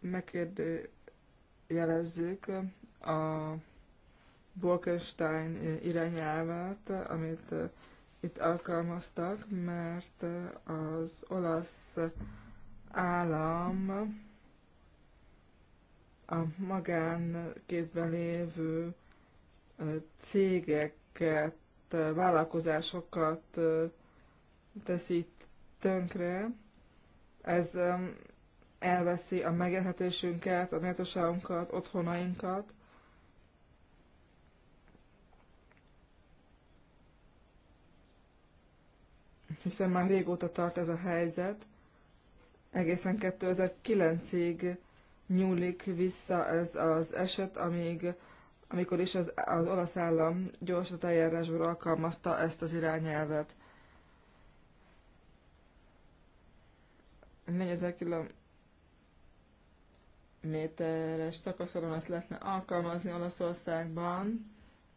megkérdőjelezzük a Bolkestein irányelvet, amit itt alkalmaztak, mert az olasz állam a magán kézben lévő cégeket, vállalkozásokat teszi tönkre, ez um, elveszi a megélhetésünket, a méltóságunkat, otthonainkat. Hiszen már régóta tart ez a helyzet, egészen 2009-ig nyúlik vissza ez az eset, amíg, amikor is az, az olasz állam gyorsított eljárásból alkalmazta ezt az irányelvet. 4000 kilométeres szakaszon ezt lehetne alkalmazni Olaszországban,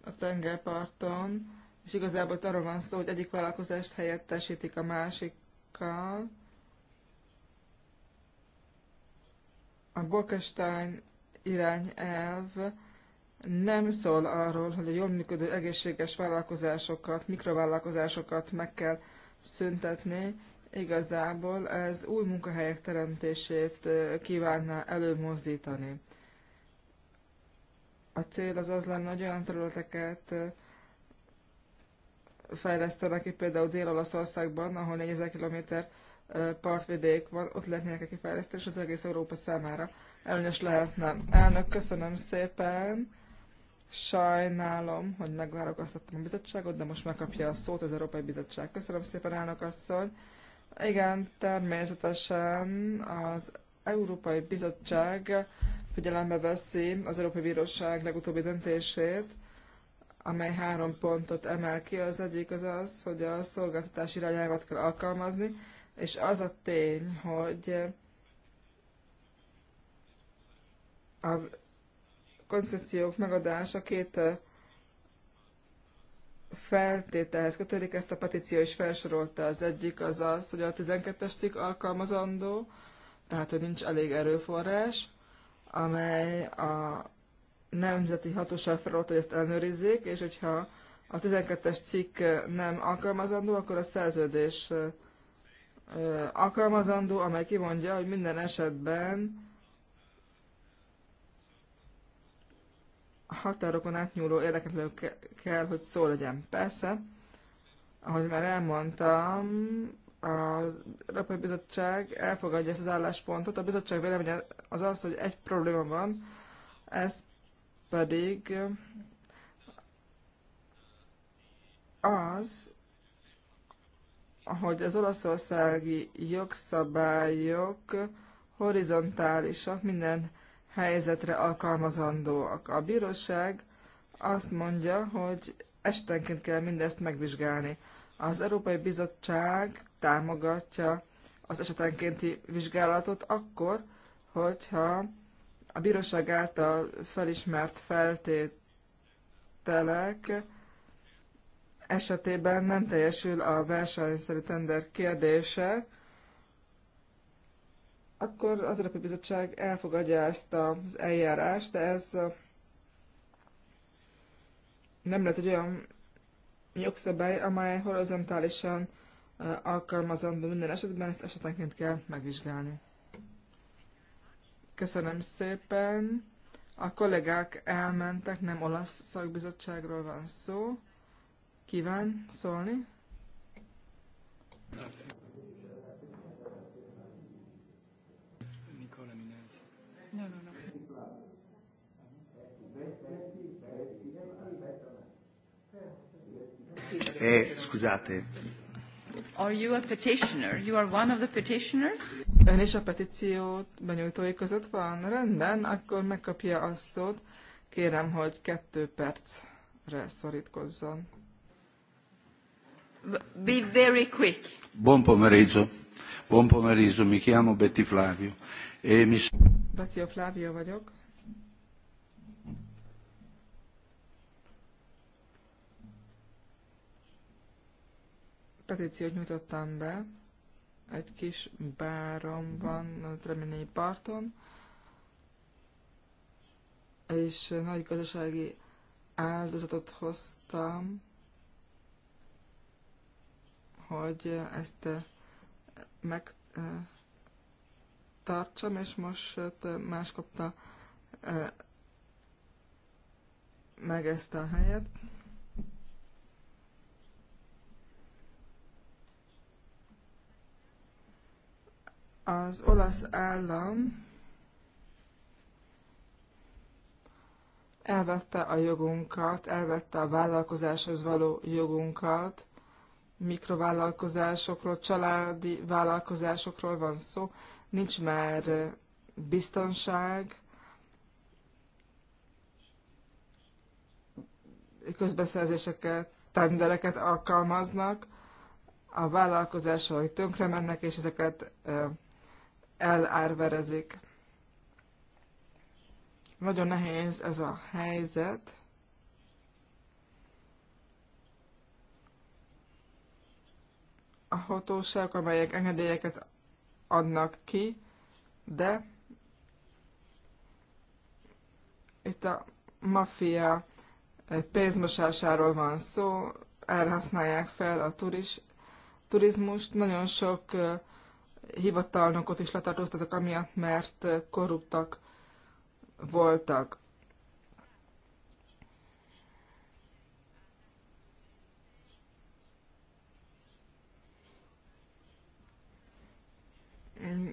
a tengerparton, és igazából arról van szó, hogy egyik vállalkozást helyettesítik a másikkal. A Bolkestein irányelv nem szól arról, hogy a jól működő egészséges vállalkozásokat, mikrovállalkozásokat meg kell szüntetni, igazából ez új munkahelyek teremtését kívánna előmozdítani. A cél az az lenne, hogy olyan területeket fejlesztenek ki, például Dél-Olaszországban, ahol 4000 km partvidék van, ott lehetnének neki fejlesztés az egész Európa számára. Előnyös lehetne. Elnök, köszönöm szépen. Sajnálom, hogy megvárogasztottam a bizottságot, de most megkapja a szót az Európai Bizottság. Köszönöm szépen, elnök asszony. Igen, természetesen az Európai Bizottság figyelembe veszi az Európai Bíróság legutóbbi döntését, amely három pontot emel ki. Az egyik az az, hogy a szolgáltatás irányelvet kell alkalmazni, és az a tény, hogy a koncesziók megadása két feltételhez kötődik, ezt a petíció is felsorolta. Az egyik az az, hogy a 12-es cikk alkalmazandó, tehát hogy nincs elég erőforrás, amely a nemzeti hatóság feladat, hogy ezt ellenőrizzék, és hogyha a 12-es cikk nem alkalmazandó, akkor a szerződés alkalmazandó, amely kimondja, hogy minden esetben határokon átnyúló érdekekről kell, hogy szó legyen. Persze, ahogy már elmondtam, a Európai Bizottság elfogadja ezt az álláspontot. A bizottság véleménye az az, hogy egy probléma van, ez pedig az, hogy az olaszországi jogszabályok horizontálisak minden helyzetre alkalmazandóak. A bíróság azt mondja, hogy estenként kell mindezt megvizsgálni. Az Európai Bizottság támogatja az esetenkénti vizsgálatot akkor, hogyha a bíróság által felismert feltételek esetében nem teljesül a versenyszerű tender kérdése, akkor az Európai Bizottság elfogadja ezt az eljárást, de ez nem lehet egy olyan jogszabály, amely horizontálisan alkalmazandó minden esetben, ezt esetenként kell megvizsgálni. Köszönöm szépen. A kollégák elmentek, nem olasz szakbizottságról van szó. Kíván szólni? No, no, no. Eh, scusate. Are you a petitioner? You are one of the petitioners? Ön is a petíciót benyújtói között van? Rendben, akkor megkapja a szót. Kérem, hogy kettő percre szorítkozzon. Be very quick. Buon pomeriggio. Buon pomeriggio, mi chiamo Betty Flavio én Flávia vagyok. Petíciót nyújtottam be egy kis van a Treményi parton, és nagy gazdasági áldozatot hoztam, hogy ezt eh, meg eh, tartsam, és most más kapta meg ezt a helyet. Az olasz állam elvette a jogunkat, elvette a vállalkozáshoz való jogunkat, mikrovállalkozásokról, családi vállalkozásokról van szó, nincs már biztonság, közbeszerzéseket, tendereket alkalmaznak, a vállalkozásai tönkre mennek, és ezeket elárverezik. Nagyon nehéz ez a helyzet. A hatóságok, amelyek engedélyeket adnak ki, de itt a maffia eh, pénzmosásáról van szó, erre használják fel a turis, turizmust. Nagyon sok eh, hivatalnokot is letartóztatok, amiatt, mert eh, korruptak voltak.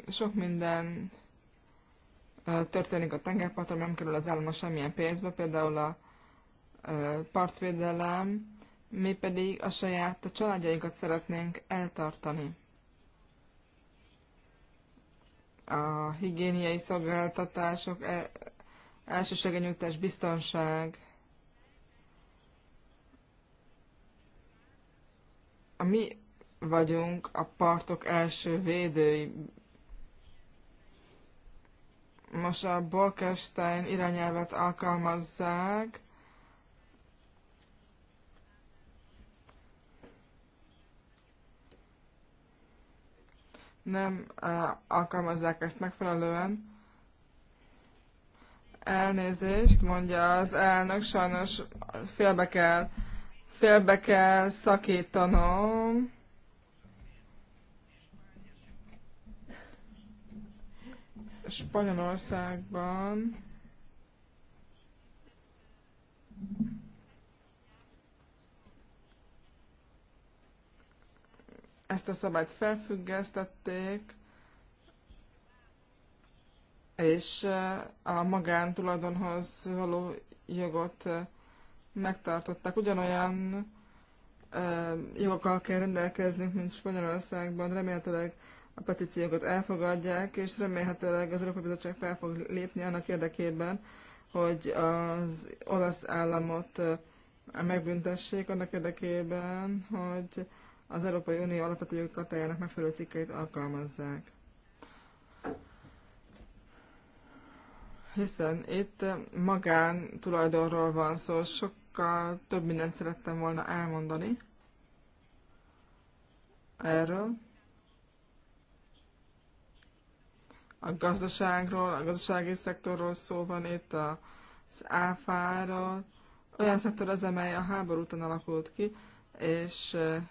sok minden történik a tengerparton, nem kerül az állam semmilyen pénzbe, például a partvédelem, mi pedig a saját a családjainkat szeretnénk eltartani. A higiéniai szolgáltatások, e, nyújtás biztonság, a mi vagyunk a partok első védői. Most a Bolkestein irányelvet alkalmazzák, nem eh, alkalmazzák ezt megfelelően. Elnézést, mondja az elnök, sajnos félbe kell, félbe kell szakítanom. Spanyolországban ezt a szabályt felfüggesztették, és eh, a magántulajdonhoz való jogot eh, megtartották. Ugyanolyan eh, jogokkal kell rendelkeznünk, mint Spanyolországban, remélhetőleg a petíciókat elfogadják, és remélhetőleg az Európai Bizottság fel fog lépni annak érdekében, hogy az olasz államot megbüntessék annak érdekében, hogy az Európai Unió alapvető jogi kartájának megfelelő cikkeit alkalmazzák. Hiszen itt magán tulajdonról van szó, sokkal több mindent szerettem volna elmondani erről. a gazdaságról, a gazdasági szektorról szó van itt, az áfáról. Olyan szektor az, amely a háború után alakult ki, és eh,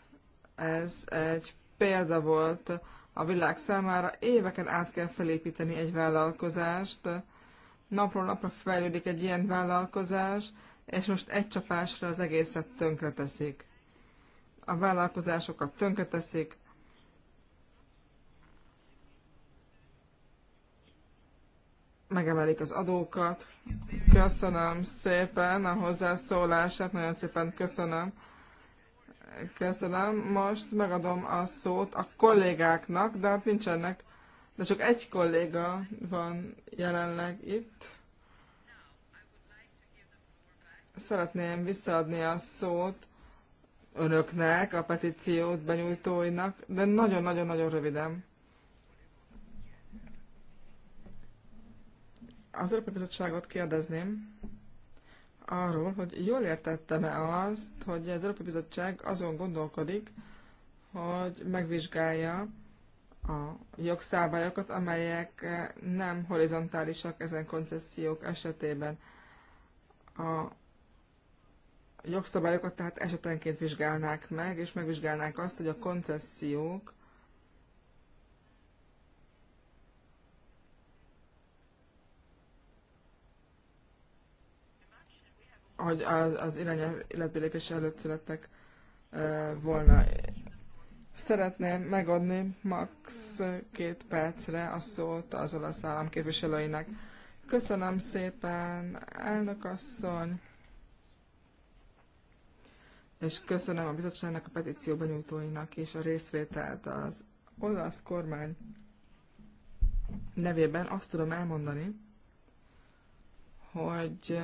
ez egy példa volt a világ számára. Éveken át kell felépíteni egy vállalkozást, napról napra fejlődik egy ilyen vállalkozás, és most egy csapásra az egészet tönkreteszik. A vállalkozásokat tönkreteszik, megemelik az adókat. Köszönöm szépen a hozzászólását, nagyon szépen köszönöm. Köszönöm. Most megadom a szót a kollégáknak, de hát nincsenek, de csak egy kolléga van jelenleg itt. Szeretném visszaadni a szót önöknek, a petíciót benyújtóinak, de nagyon-nagyon-nagyon röviden. Az Európai Bizottságot kérdezném arról, hogy jól értettem-e azt, hogy az Európai Bizottság azon gondolkodik, hogy megvizsgálja a jogszabályokat, amelyek nem horizontálisak ezen koncesziók esetében. A jogszabályokat tehát esetenként vizsgálnák meg, és megvizsgálnák azt, hogy a koncesziók hogy az, az irányelv életbelépés előtt születtek volna. Szeretném megadni max. két percre a szót az olasz állam képviselőinek. Köszönöm szépen, asszony, és köszönöm a bizottságnak, a petícióban nyújtóinak és a részvételt az olasz kormány nevében azt tudom elmondani, hogy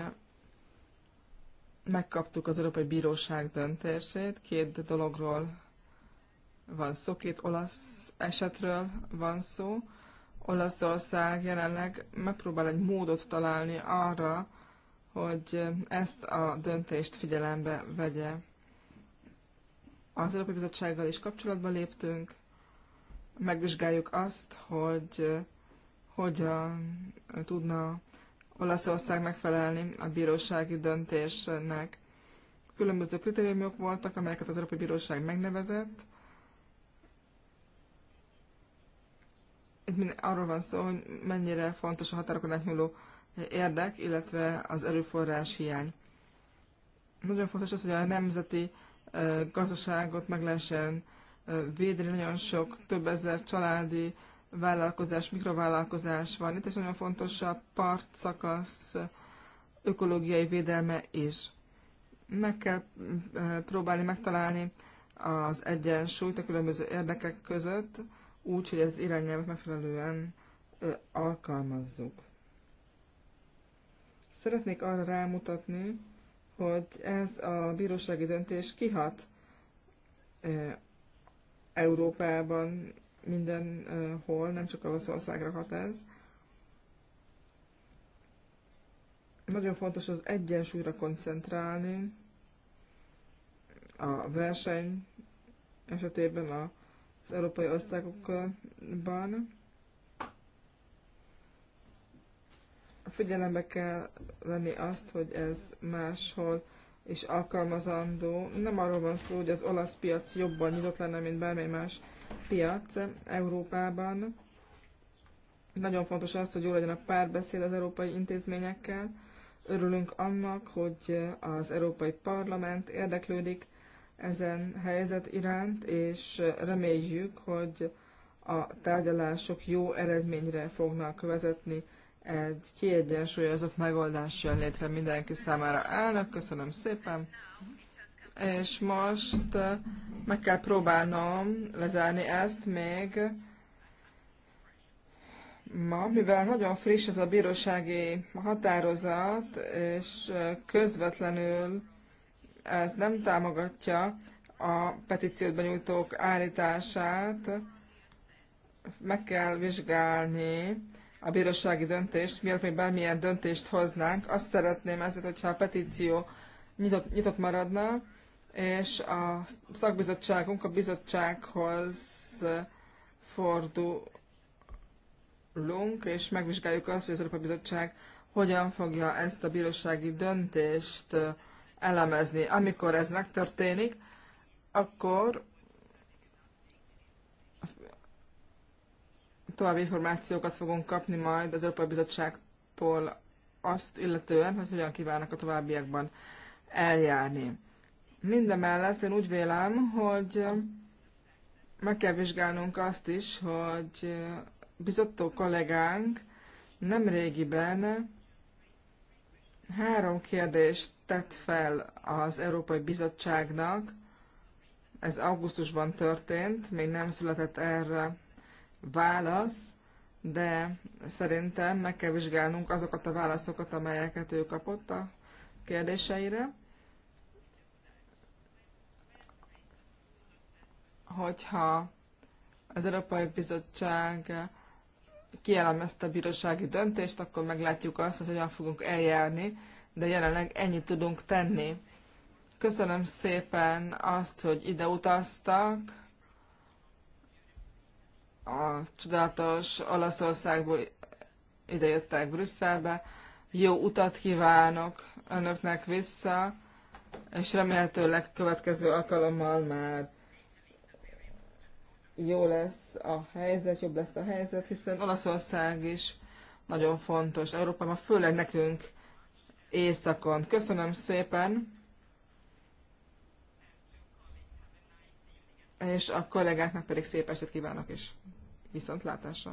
megkaptuk az Európai Bíróság döntését, két dologról van szó, két olasz esetről van szó. Olaszország jelenleg megpróbál egy módot találni arra, hogy ezt a döntést figyelembe vegye. Az Európai Bizottsággal is kapcsolatba léptünk, megvizsgáljuk azt, hogy hogyan tudna Olaszország megfelelni a bírósági döntésnek. Különböző kritériumok voltak, amelyeket az Európai Bíróság megnevezett. Itt arról van szó, hogy mennyire fontos a határokon átnyúló érdek, illetve az erőforrás hiány. Nagyon fontos az, hogy a nemzeti gazdaságot meg lehessen védeni. Nagyon sok több ezer családi vállalkozás, mikrovállalkozás van itt, és nagyon fontos a partszakasz ökológiai védelme is. Meg kell eh, próbálni megtalálni az egyensúlyt a különböző érdekek között, úgy, hogy ez irányelvet megfelelően alkalmazzuk. Szeretnék arra rámutatni, hogy ez a bírósági döntés kihat eh, Európában mindenhol, nem csak Oroszországra hat ez. Nagyon fontos az egyensúlyra koncentrálni, a verseny esetében az európai országokban. Figyelembe kell venni azt, hogy ez máshol és alkalmazandó. Nem arról van szó, hogy az olasz piac jobban nyitott lenne, mint bármely más piac Európában. Nagyon fontos az, hogy jó legyen a párbeszéd az európai intézményekkel. Örülünk annak, hogy az Európai Parlament érdeklődik ezen helyzet iránt, és reméljük, hogy a tárgyalások jó eredményre fognak vezetni egy kiegyensúlyozott megoldás jön létre mindenki számára. Elnök, köszönöm szépen. És most eh, meg kell próbálnom lezárni ezt még ma, mivel nagyon friss ez a bírósági határozat, és eh, közvetlenül ez nem támogatja a petíciót benyújtók állítását, meg kell vizsgálni a bírósági döntést, miért még bármilyen döntést hoznánk. Azt szeretném ezért, hogyha a petíció nyitott, nyitott maradna, és a szakbizottságunk a bizottsághoz fordulunk, és megvizsgáljuk azt, hogy az Európai Bizottság hogyan fogja ezt a bírósági döntést elemezni. Amikor ez megtörténik, akkor további információkat fogunk kapni majd az Európai Bizottságtól azt illetően, hogy hogyan kívánnak a továbbiakban eljárni. Mindemellett én úgy vélem, hogy meg kell vizsgálnunk azt is, hogy bizottó kollégánk nem régiben három kérdést tett fel az Európai Bizottságnak, ez augusztusban történt, még nem született erre válasz, de szerintem meg kell vizsgálnunk azokat a válaszokat, amelyeket ő kapott a kérdéseire. Hogyha az Európai Bizottság kielemezte a bírósági döntést, akkor meglátjuk azt, hogy hogyan fogunk eljárni, de jelenleg ennyit tudunk tenni. Köszönöm szépen azt, hogy ide utaztak, a csodálatos Olaszországból idejöttek Brüsszelbe. Jó utat kívánok önöknek vissza, és remélhetőleg következő alkalommal már jó lesz a helyzet, jobb lesz a helyzet, hiszen Olaszország is nagyon fontos Európában, főleg nekünk éjszakon. Köszönöm szépen! és a kollégáknak pedig szép estét kívánok is viszontlátásra!